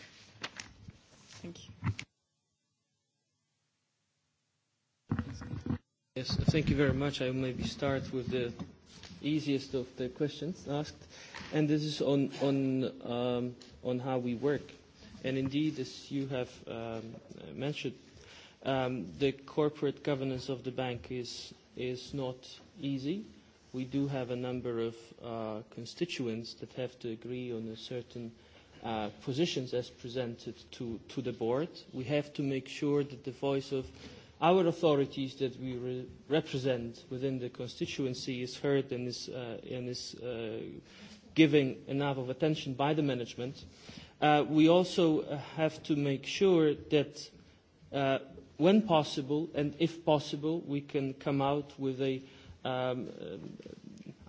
Thank you. Yes, thank you very much. I will maybe start with the easiest of the questions asked, and this is on on um, on how we work. And indeed, as you have um, mentioned, um, the corporate governance of the bank is is not easy we do have a number of uh, constituents that have to agree on a certain uh, positions as presented to, to the board. We have to make sure that the voice of our authorities that we re represent within the constituency is heard and is, uh, and is uh, giving enough of attention by the management. Uh, we also have to make sure that uh, when possible and if possible, we can come out with a um,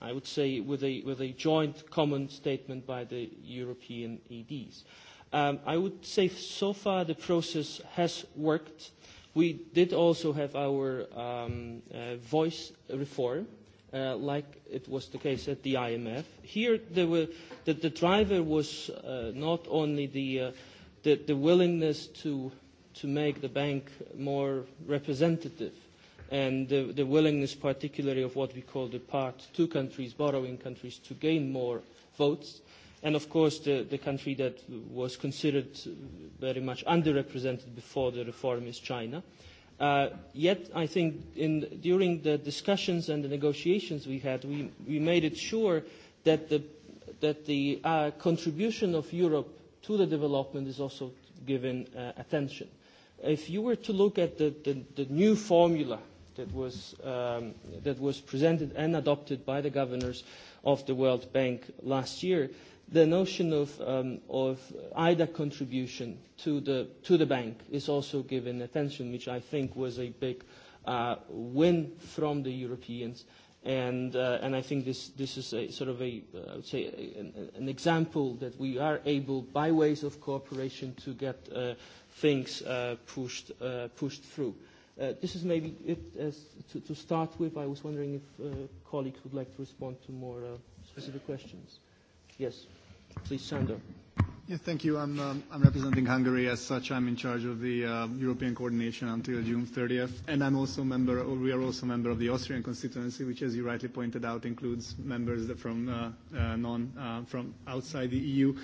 I would say, with a, with a joint common statement by the European EDs. Um, I would say so far the process has worked. We did also have our um, uh, voice reform, uh, like it was the case at the IMF. Here, there were, the, the driver was uh, not only the, uh, the, the willingness to, to make the bank more representative and the, the willingness particularly of what we call the part two countries, borrowing countries, to gain more votes. And of course, the, the country that was considered very much underrepresented before the reform is China. Uh, yet, I think in, during the discussions and the negotiations we had, we, we made it sure that the, that the uh, contribution of Europe to the development is also given uh, attention. If you were to look at the, the, the new formula that was, um, that was presented and adopted by the governors of the World Bank last year, the notion of, um, of IDA contribution to the, to the bank is also given attention, which I think was a big uh, win from the Europeans. And, uh, and I think this, this is a sort of a, I would say, a an, an example that we are able, by ways of cooperation, to get uh, things uh, pushed, uh, pushed through. Uh, Uh, this is maybe it as to, to start with. I was wondering if uh, colleagues would like to respond to more uh, specific questions. Yes, please, Sander. Yes, thank you. I'm, um, I'm representing Hungary. As such, I'm in charge of the uh, European coordination until June 30th, and I'm also member. Or we are also a member of the Austrian constituency, which, as you rightly pointed out, includes members from uh, uh, non uh, from outside the EU.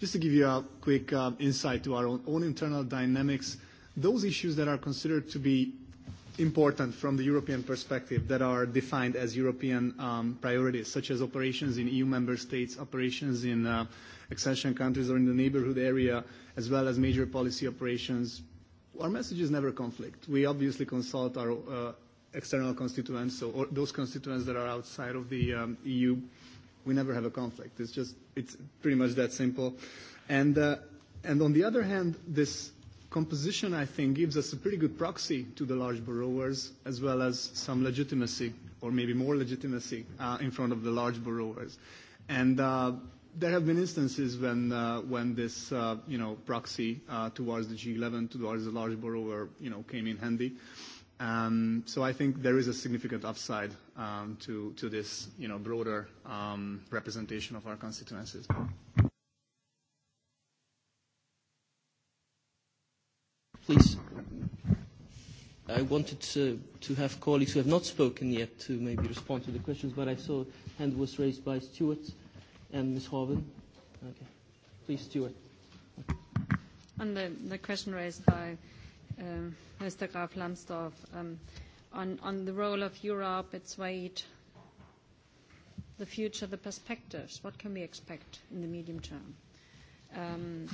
Just to give you a quick uh, insight to our own, own internal dynamics those issues that are considered to be important from the European perspective that are defined as European um, priorities, such as operations in EU member states, operations in uh, accession countries or in the neighborhood area, as well as major policy operations. Our messages never conflict. We obviously consult our uh, external constituents, so or those constituents that are outside of the um, EU. We never have a conflict. It's just, it's pretty much that simple. And, uh, and on the other hand, this composition, I think, gives us a pretty good proxy to the large borrowers, as well as some legitimacy, or maybe more legitimacy, uh, in front of the large borrowers. And uh, there have been instances when uh, when this uh, you know proxy uh, towards the G11, towards the large borrower, you know, came in handy. Um, so I think there is a significant upside um, to to this you know broader um, representation of our constituencies. Please. I wanted to, to have colleagues who have not spoken yet to maybe respond to the questions, but I saw a hand was raised by Stuart and Ms. Hoven. Okay. Please, Stuart. On the, the question raised by um, Mr. Graf Lambsdorff um, on, on the role of Europe, its weight, the future, the perspectives, what can we expect in the medium term? Um,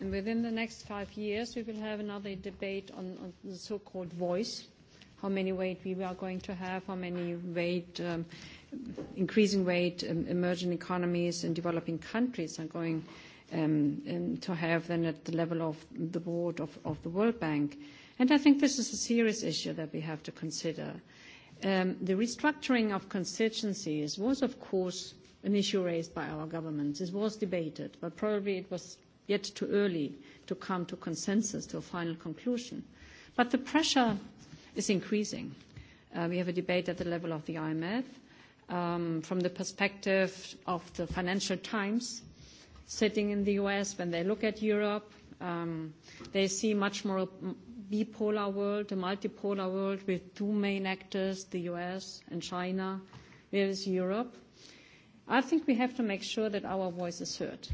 And within the next five years, we will have another debate on, on the so-called voice, how many weight we are going to have, how many weight, um, increasing weight um, emerging economies and developing countries are going um, um, to have then at the level of the board of, of the World Bank. And I think this is a serious issue that we have to consider. Um, the restructuring of constituencies was, of course, an issue raised by our governments. It was debated, but probably it was yet too early to come to consensus, to a final conclusion. But the pressure is increasing. We have a debate at the level of the IMF. um From the perspective of the Financial Times, sitting in the U.S., when they look at Europe, Um they see much more bipolar world, a multipolar world with two main actors, the U.S. and China, where is Europe. I think we have to make sure that our voice is heard.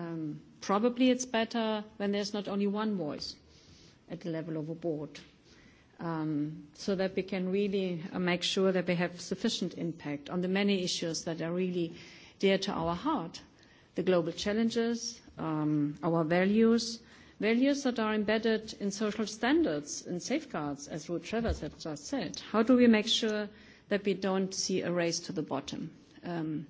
Um Probably it's better when there's not only one voice at the level of a board, um, so that we can really make sure that we have sufficient impact on the many issues that are really dear to our heart, the global challenges, um, our values, values that are embedded in social standards and safeguards, as Ruth Travers has just said. How do we make sure that we don't see a race to the bottom? Um,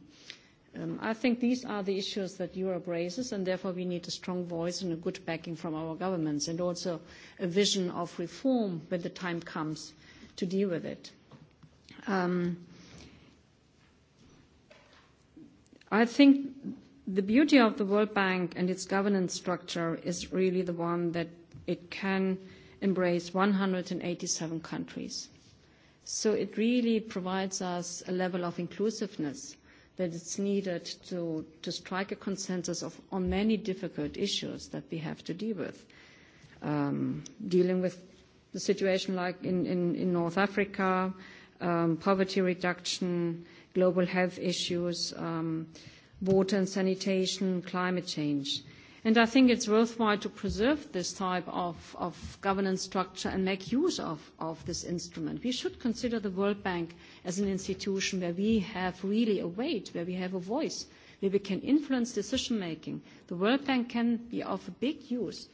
I think these are the issues that Europe raises, and therefore we need a strong voice and a good backing from our governments, and also a vision of reform when the time comes to deal with it. I think the beauty of the World Bank and its governance structure is really the one that it can embrace one hundred and eighty seven countries. So it really provides us a level of inclusiveness that it's needed to, to strike a consensus of, on many difficult issues that we have to deal with. Um, dealing with the situation like in, in, in North Africa, um, poverty reduction, global health issues, um, water and sanitation, climate change. And I think it's worthwhile to preserve this type of, of governance structure and make use of, of this instrument. We should consider the World Bank as an institution where we have really a weight, where we have a voice, where we can influence decision making. The World Bank can be of big use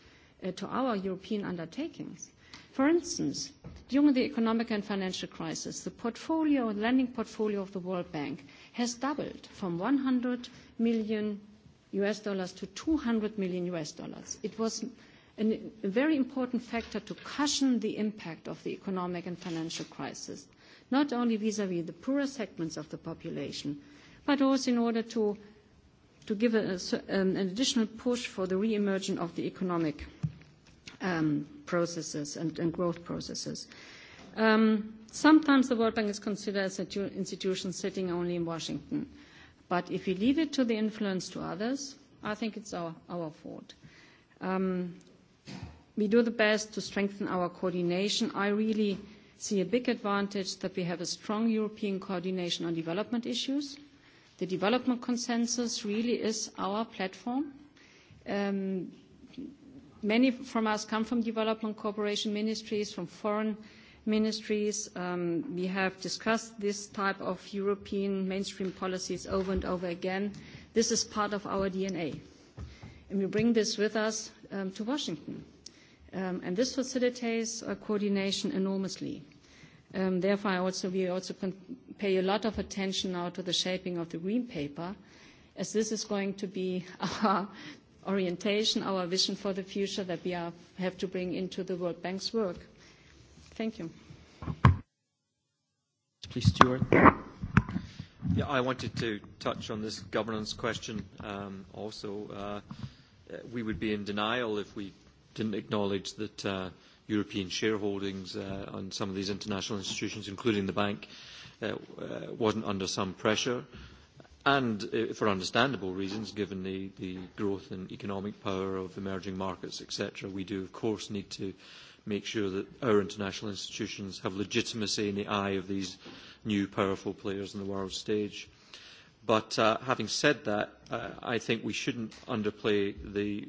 uh, to our European undertakings. For instance, during the economic and financial crisis, the portfolio, lending portfolio of the World Bank has doubled from 100 million US dollars to $200 million US dollars. It was a very important factor to cushion the impact of the economic and financial crisis, not only vis-à-vis the poorer segments of the population, but also in order to to give an additional push for the re-emergence of the economic processes and growth processes. Sometimes the World Bank is considered as an institution sitting only in Washington. But if we leave it to the influence to others, I think it's our, our fault. Um, we do the best to strengthen our coordination. I really see a big advantage that we have a strong European coordination on development issues. The development consensus really is our platform. Um, many from us come from development cooperation ministries, from foreign uh, ministries. Um, we have discussed this type of European mainstream policies over and over again. This is part of our DNA. And we bring this with us um, to Washington. Um, and this facilitates uh, coordination enormously. Um, therefore, I also, we also can pay a lot of attention now to the shaping of the green paper, as this is going to be our orientation, our vision for the future that we are, have to bring into the World Bank's work. Thank you. Please, Stuart. Yeah, I wanted to touch on this governance question also. we would be in denial if we didn't acknowledge that European shareholdings on some of these international institutions, including the bank, wasn't under some pressure. And for understandable reasons, given the, growth in economic power of emerging markets, cetera. we do, of course, need to make sure that our international institutions have legitimacy in the eye of these new powerful players on the world stage. But uh, having said that, uh, I think we shouldn't underplay the,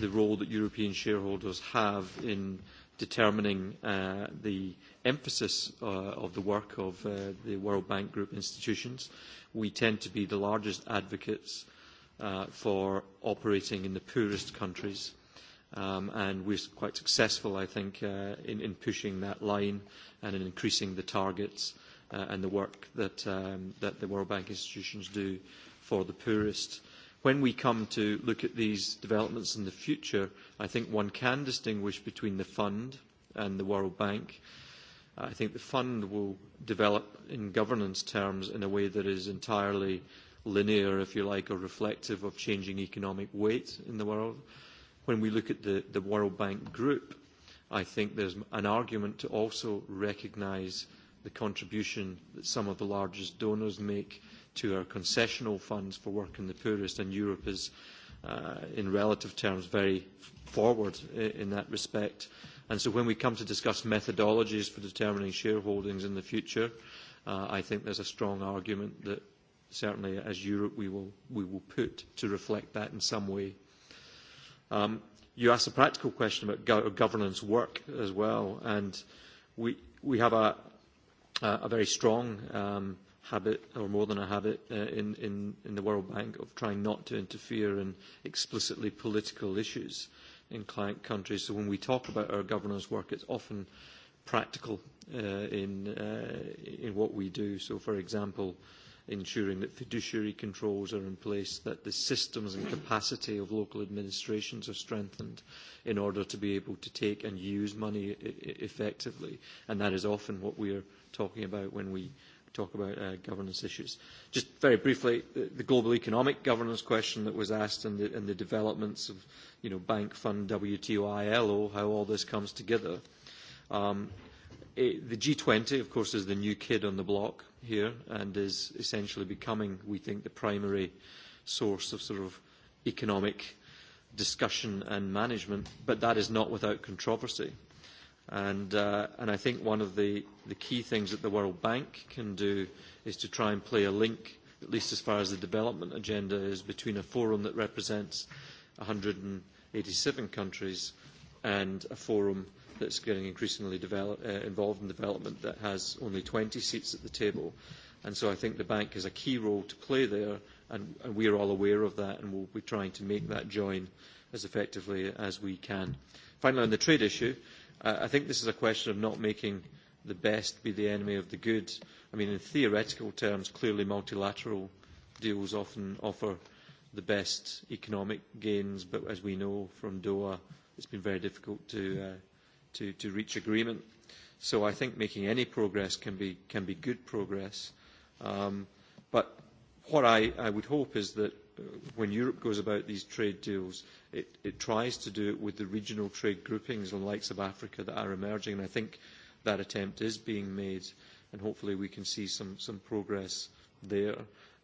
the role that European shareholders have in determining uh, the emphasis uh, of the work of uh, the World Bank Group institutions. We tend to be the largest advocates uh, for operating in the poorest countries Um, and we're quite successful, I think, uh, in, in pushing that line and in increasing the targets uh, and the work that, um, that the World Bank institutions do for the poorest. When we come to look at these developments in the future, I think one can distinguish between the fund and the World Bank. I think the fund will develop in governance terms in a way that is entirely linear, if you like, or reflective of changing economic weight in the world when we look at the, the World Bank group, I think there's an argument to also recognise the contribution that some of the largest donors make to our concessional funds for working the poorest, and Europe is, uh, in relative terms, very forward in that respect. And so when we come to discuss methodologies for determining shareholdings in the future, uh, I think there's a strong argument that certainly as Europe we will, we will put to reflect that in some way Um, you asked a practical question about go- governance work as well, and we we have a a very strong um, habit, or more than a habit, uh, in in in the World Bank of trying not to interfere in explicitly political issues in client countries. So when we talk about our governance work, it's often practical uh, in uh, in what we do. So, for example ensuring that fiduciary controls are in place, that the systems and capacity of local administrations are strengthened in order to be able to take and use money effectively. And that is often what we are talking about when we talk about uh, governance issues. Just very briefly, the, the global economic governance question that was asked and the, and the developments of you know, bank fund, WTO, ILO, how all this comes together. Um, the G20, of course, is the new kid on the block here and is essentially becoming, we think, the primary source of sort of economic discussion and management, but that is not without controversy. And, uh, and I think one of the, the key things that the World Bank can do is to try and play a link, at least as far as the development agenda is, between a forum that represents 187 countries and a forum – that's getting increasingly develop, uh, involved in development that has only 20 seats at the table. And so I think the bank has a key role to play there, and, and we are all aware of that, and we'll be trying to make that join as effectively as we can. Finally, on the trade issue, uh, I think this is a question of not making the best be the enemy of the good. I mean, in theoretical terms, clearly multilateral deals often offer the best economic gains, but as we know from Doha, it's been very difficult to, uh, to, to reach agreement. So I think making any progress can be, can be good progress. Um, but what I, I would hope is that when Europe goes about these trade deals, it, it tries to do it with the regional trade groupings and likes of Africa that are emerging. And I think that attempt is being made, and hopefully we can see some, some progress there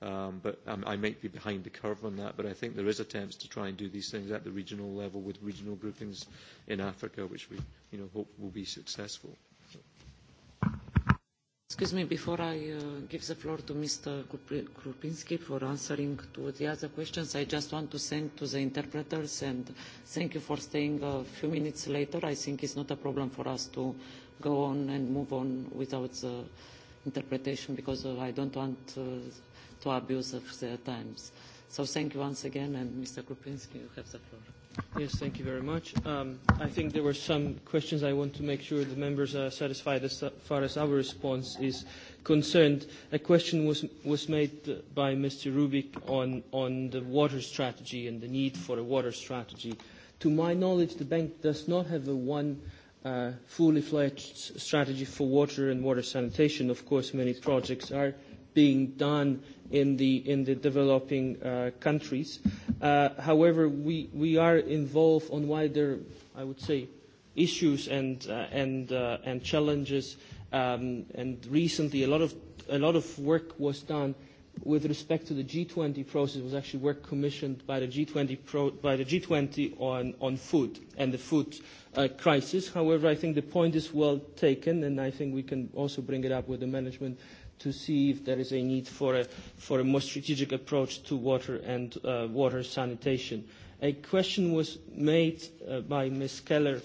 um, but um, I might be behind the curve on that. But I think there is attempts to try and do these things at the regional level with regional groupings in Africa, which we you know, hope will be successful. Excuse me, before I uh, give the floor to Mr. Krupinski for answering to the other questions, I just want to thank to the interpreters and thank you for staying a few minutes later. I think it's not a problem for us to go on and move on without the interpretation because of, I don't want uh, to abuse of their times. So thank you once again, and Mr. Krupinski, you have the floor. Yes, thank you very much. Um, I think there were some questions I want to make sure the members are satisfied as far as our response is concerned. A question was, was made by Mr. Rubik on, on the water strategy and the need for a water strategy. To my knowledge, the bank does not have a one fully fledged strategy for water and water sanitation. Of course, many projects are being done in the in the developing uh, countries. Uh, however, we we are involved on wider, I would say, issues and uh, and uh, and challenges. Um, and recently, a lot of a lot of work was done with respect to the G20 process was actually work commissioned by the G20, pro, by the G20 on, on food and the food uh, crisis. However, I think the point is well taken, and I think we can also bring it up with the management to see if there is a need for a, for a more strategic approach to water and uh, water sanitation. A question was made uh, by Ms. Keller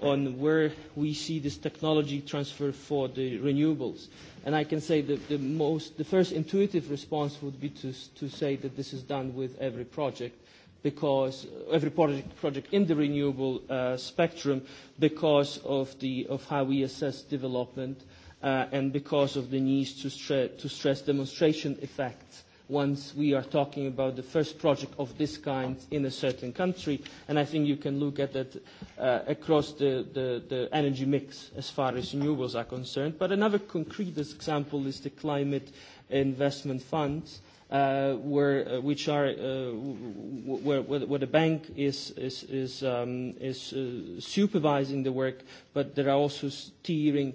on where we see this technology transfer for the renewables. And I can say that the, most, the first intuitive response would be to, to say that this is done with every project because every project, project in the renewable uh, spectrum because of, the, of how we assess development uh, and because of the need to, stre- to stress demonstration effects once we are talking about the first project of this kind in a certain country. And I think you can look at that uh, across the, the, the energy mix as far as renewables are concerned. But another concrete example is the climate investment funds. Uh, where uh, which are uh, where, where the bank is is is, um, is uh, supervising the work, but there are also steering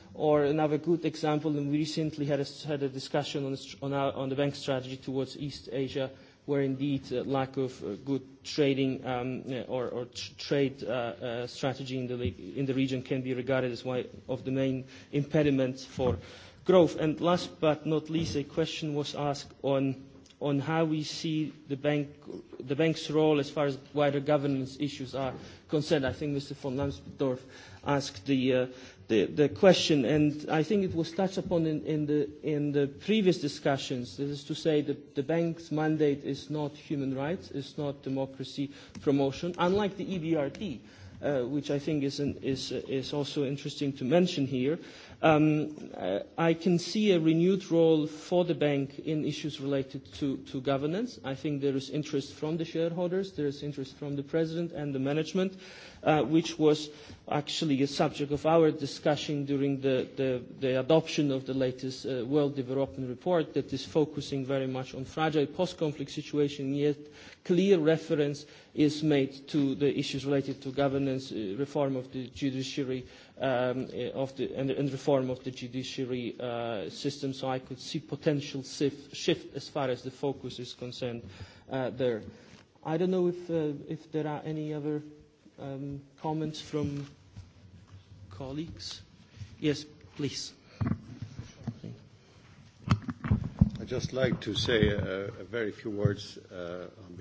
Or another good example, and we recently had a, had a discussion on, on, our, on the bank strategy towards East Asia, where indeed uh, lack of uh, good trading um, or, or trade uh, uh, strategy in the, in the region can be regarded as one of the main impediments for growth. And last but not least, a question was asked on on how we see the, bank, the bank's role as far as wider governance issues are concerned. I think Mr. von Lambsdorff asked the, uh, the, the question, and I think it was touched upon in, in, the, in the previous discussions. That is to say, the, the bank's mandate is not human rights, it's not democracy promotion, unlike the EBRD, uh, which I think is, an, is, is also interesting to mention here. Uh, Um I can see a renewed role for the bank in issues related to, to governance. I think there is interest from the shareholders, there is interest from the president and the management, uh, which was actually a subject of our discussion during the, the, the adoption of the latest uh, World Development Report that is focusing very much on fragile post-conflict situation, yet clear reference is made to the issues related to governance, uh, reform of the judiciary, um, of the, and, and reform of the judiciary uh, system. So I could see potential shift as far as the focus is concerned uh, there. I don't know if, uh, if there are any other um, comments from colleagues. Yes, please. I'd just like to say a, a very few words uh,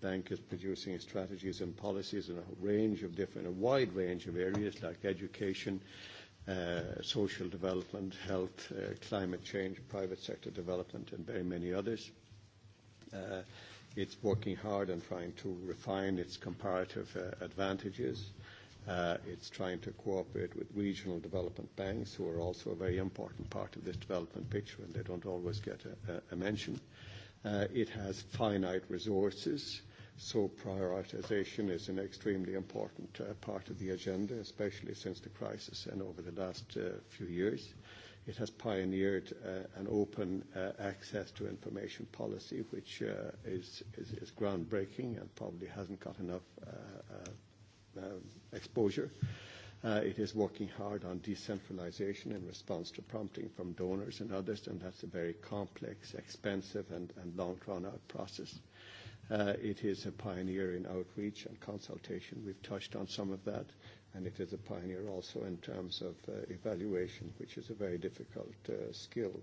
The bank is producing strategies and policies in a range of different, a wide range of areas like education, uh, social development, health, uh, climate change, private sector development, and very many others. Uh, it's working hard and trying to refine its comparative uh, advantages. Uh, it's trying to cooperate with regional development banks, who are also a very important part of this development picture, and they don't always get a, a, a mention. Uh, Uh, it has finite resources, so prioritization is an extremely important uh, part of the agenda, especially since the crisis and over the last uh, few years. It has pioneered uh, an open uh, access to information policy, which uh, is, is, is groundbreaking and probably hasn't got enough uh, uh, exposure. Uh, It is working hard on decentralization in response to prompting from donors and others, and that's a very complex, expensive, and long drawn-out process. It is a pioneer in outreach and consultation. We've touched on some of that, and it is a pioneer also in terms of evaluation, which is a very difficult skill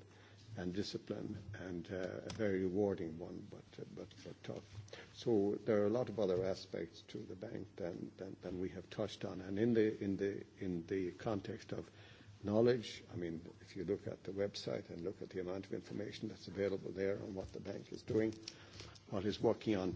and discipline, and uh, a very rewarding one, but, uh, but but tough. So there are a lot of other aspects to the bank than, than, than we have touched on, and in the in the in the context of knowledge, I mean, if you look at the website and look at the amount of information that's available there on what the bank is doing, what is working on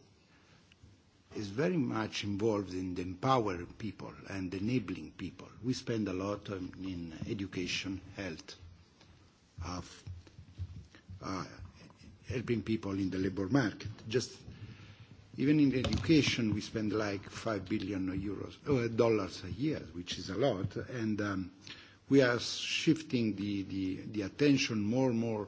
is very much involved in the empowering people and enabling people. We spend a lot on, in education, health, of uh, helping people in the labor market. Just even in education, we spend like five billion euros uh, dollars a year, which is a lot, and um, we are shifting the, the, the attention more and more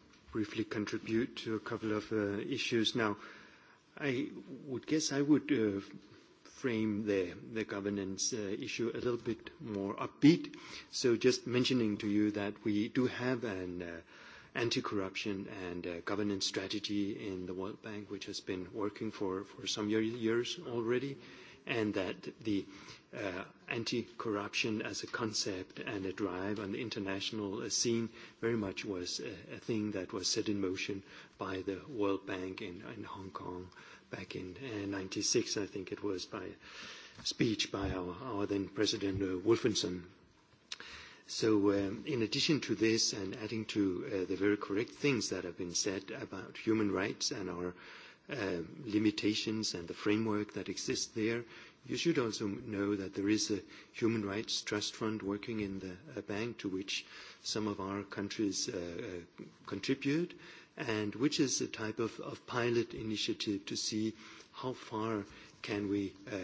briefly contribute to a couple of uh, issues. Now, I would guess I would uh, frame the, the governance uh, issue a little bit more upbeat. So just mentioning to you that we do have an uh, anti-corruption and uh, governance strategy in the World Bank, which has been working for, for some year, years already and that the uh, anti-corruption as a concept and a drive on the international scene very much was a, a thing that was set in motion by the World Bank in, in Hong Kong back in uh, 96, I think it was, by a speech by our, our then President uh, Wolfenson. So um, in addition to this and adding to uh, the very correct things that have been said about human rights and our limitations and the framework that exists there. You should also know that there is a human rights trust fund working in the a bank to which some of our countries uh, uh, contribute, and which is a type of, of pilot initiative to see how far can we uh,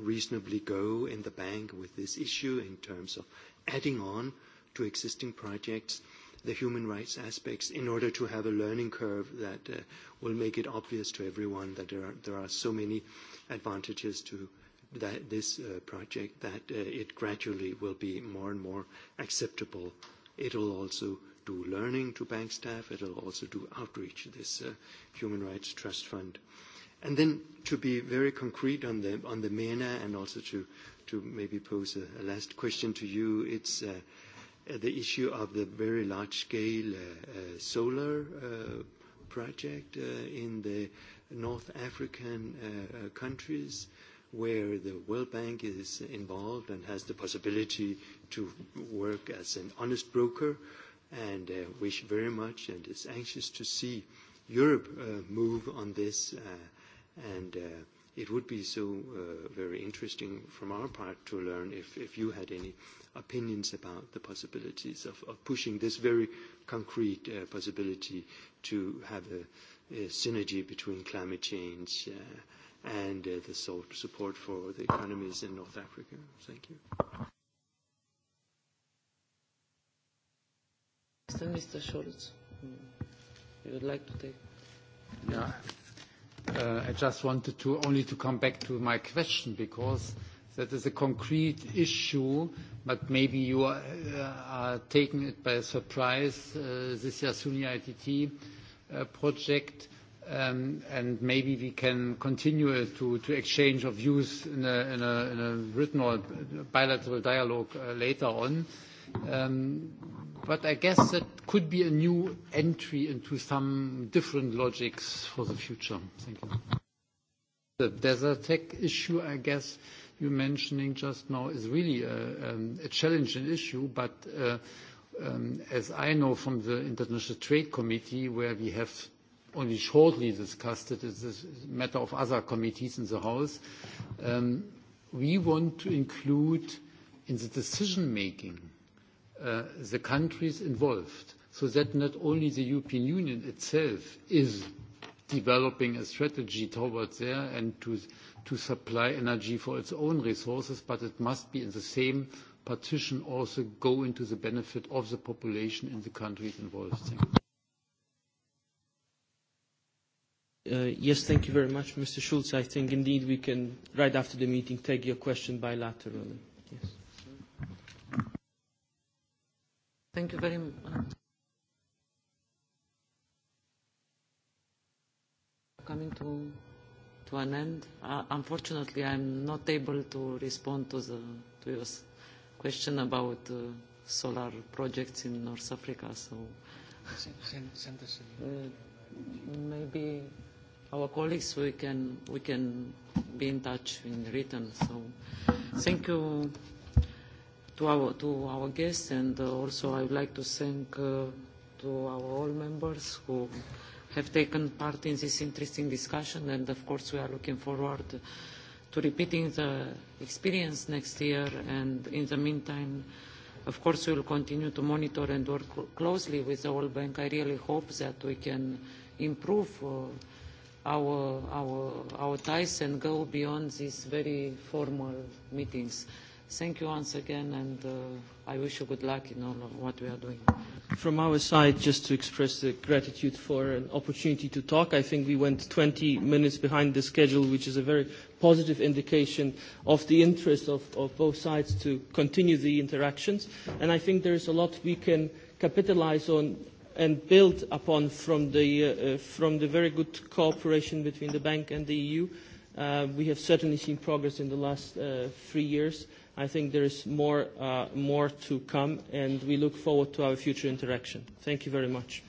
reasonably go in the bank with this issue in terms of adding on to existing projects – the human rights aspects in order to have a learning curve that uh, will make it obvious to everyone that there are, there are so many advantages to that, this uh, project that uh, it gradually will be more and more acceptable. It will also do learning to bank staff. it will also do outreach, this uh, Human Rights Trust Fund. And then to be very concrete on the, on the MENA and also to, to maybe pose a, a last question to you, it's uh, – the issue of the very large-scale solar project in the North African countries, where the World Bank is involved and has the possibility to work as an honest broker, and wish very much and is anxious to see Europe move on this. and it would be so very interesting from our part to learn if, if you had any opinions about the possibilities of, of pushing this very concrete uh, possibility to have a, a synergy between climate change uh, and uh, the support for the economies in North Africa. Thank you. Mr. Scholz, you would like to take. Yeah. I just wanted to only to come back to my question because that is a concrete issue, but maybe you are taking it by surprise, this Yasuni ITT project, and maybe we can continue to exchange of views in a written or bilateral dialogue later on But I guess that could be a new entry into some different logics for the future. Thank you. The Desertec issue, I guess you're mentioning just now, is really a challenging issue, but as I know from the International Trade Committee, where we have only shortly discussed it, it's a matter of other committees in the House, we want to include in the decision-making the countries involved so that not only the European Union itself is developing a strategy towards there and to, supply energy for its own resources, but it must be in the same partition also go into the benefit of the population in the countries involved. Yes, thank you very much, Mr. Schulz. I think indeed we can, right after the meeting, take your question bilaterally. Yes. Thank you very much. Coming to, to an end, uh, unfortunately, I'm not able to respond to, the, to your question about uh, solar projects in North Africa. So uh, maybe our colleagues we can we can be in touch in written. So thank you to our, to our guests, and also I would like to thank uh, to our all members who have taken part in this interesting discussion, and of course we are looking forward to repeating the experience next year, and in the meantime, of course, we will continue to monitor and work closely with the World Bank. I really hope that we can improve our, our, our ties and go beyond these very formal meetings. Thank you once again, and uh, I wish you good luck in all of what we are doing. From our side, just to express the gratitude for an opportunity to talk, I think we went 20 minutes behind the schedule, which is a very positive indication of the interest of, of both sides to continue the interactions. And I think there is a lot we can capitalize on and build upon from the, uh, from the very good cooperation between the bank and the EU. Uh, we have certainly seen progress in the last uh, three years I think there is more, uh, more to come, and we look forward to our future interaction. Thank you very much.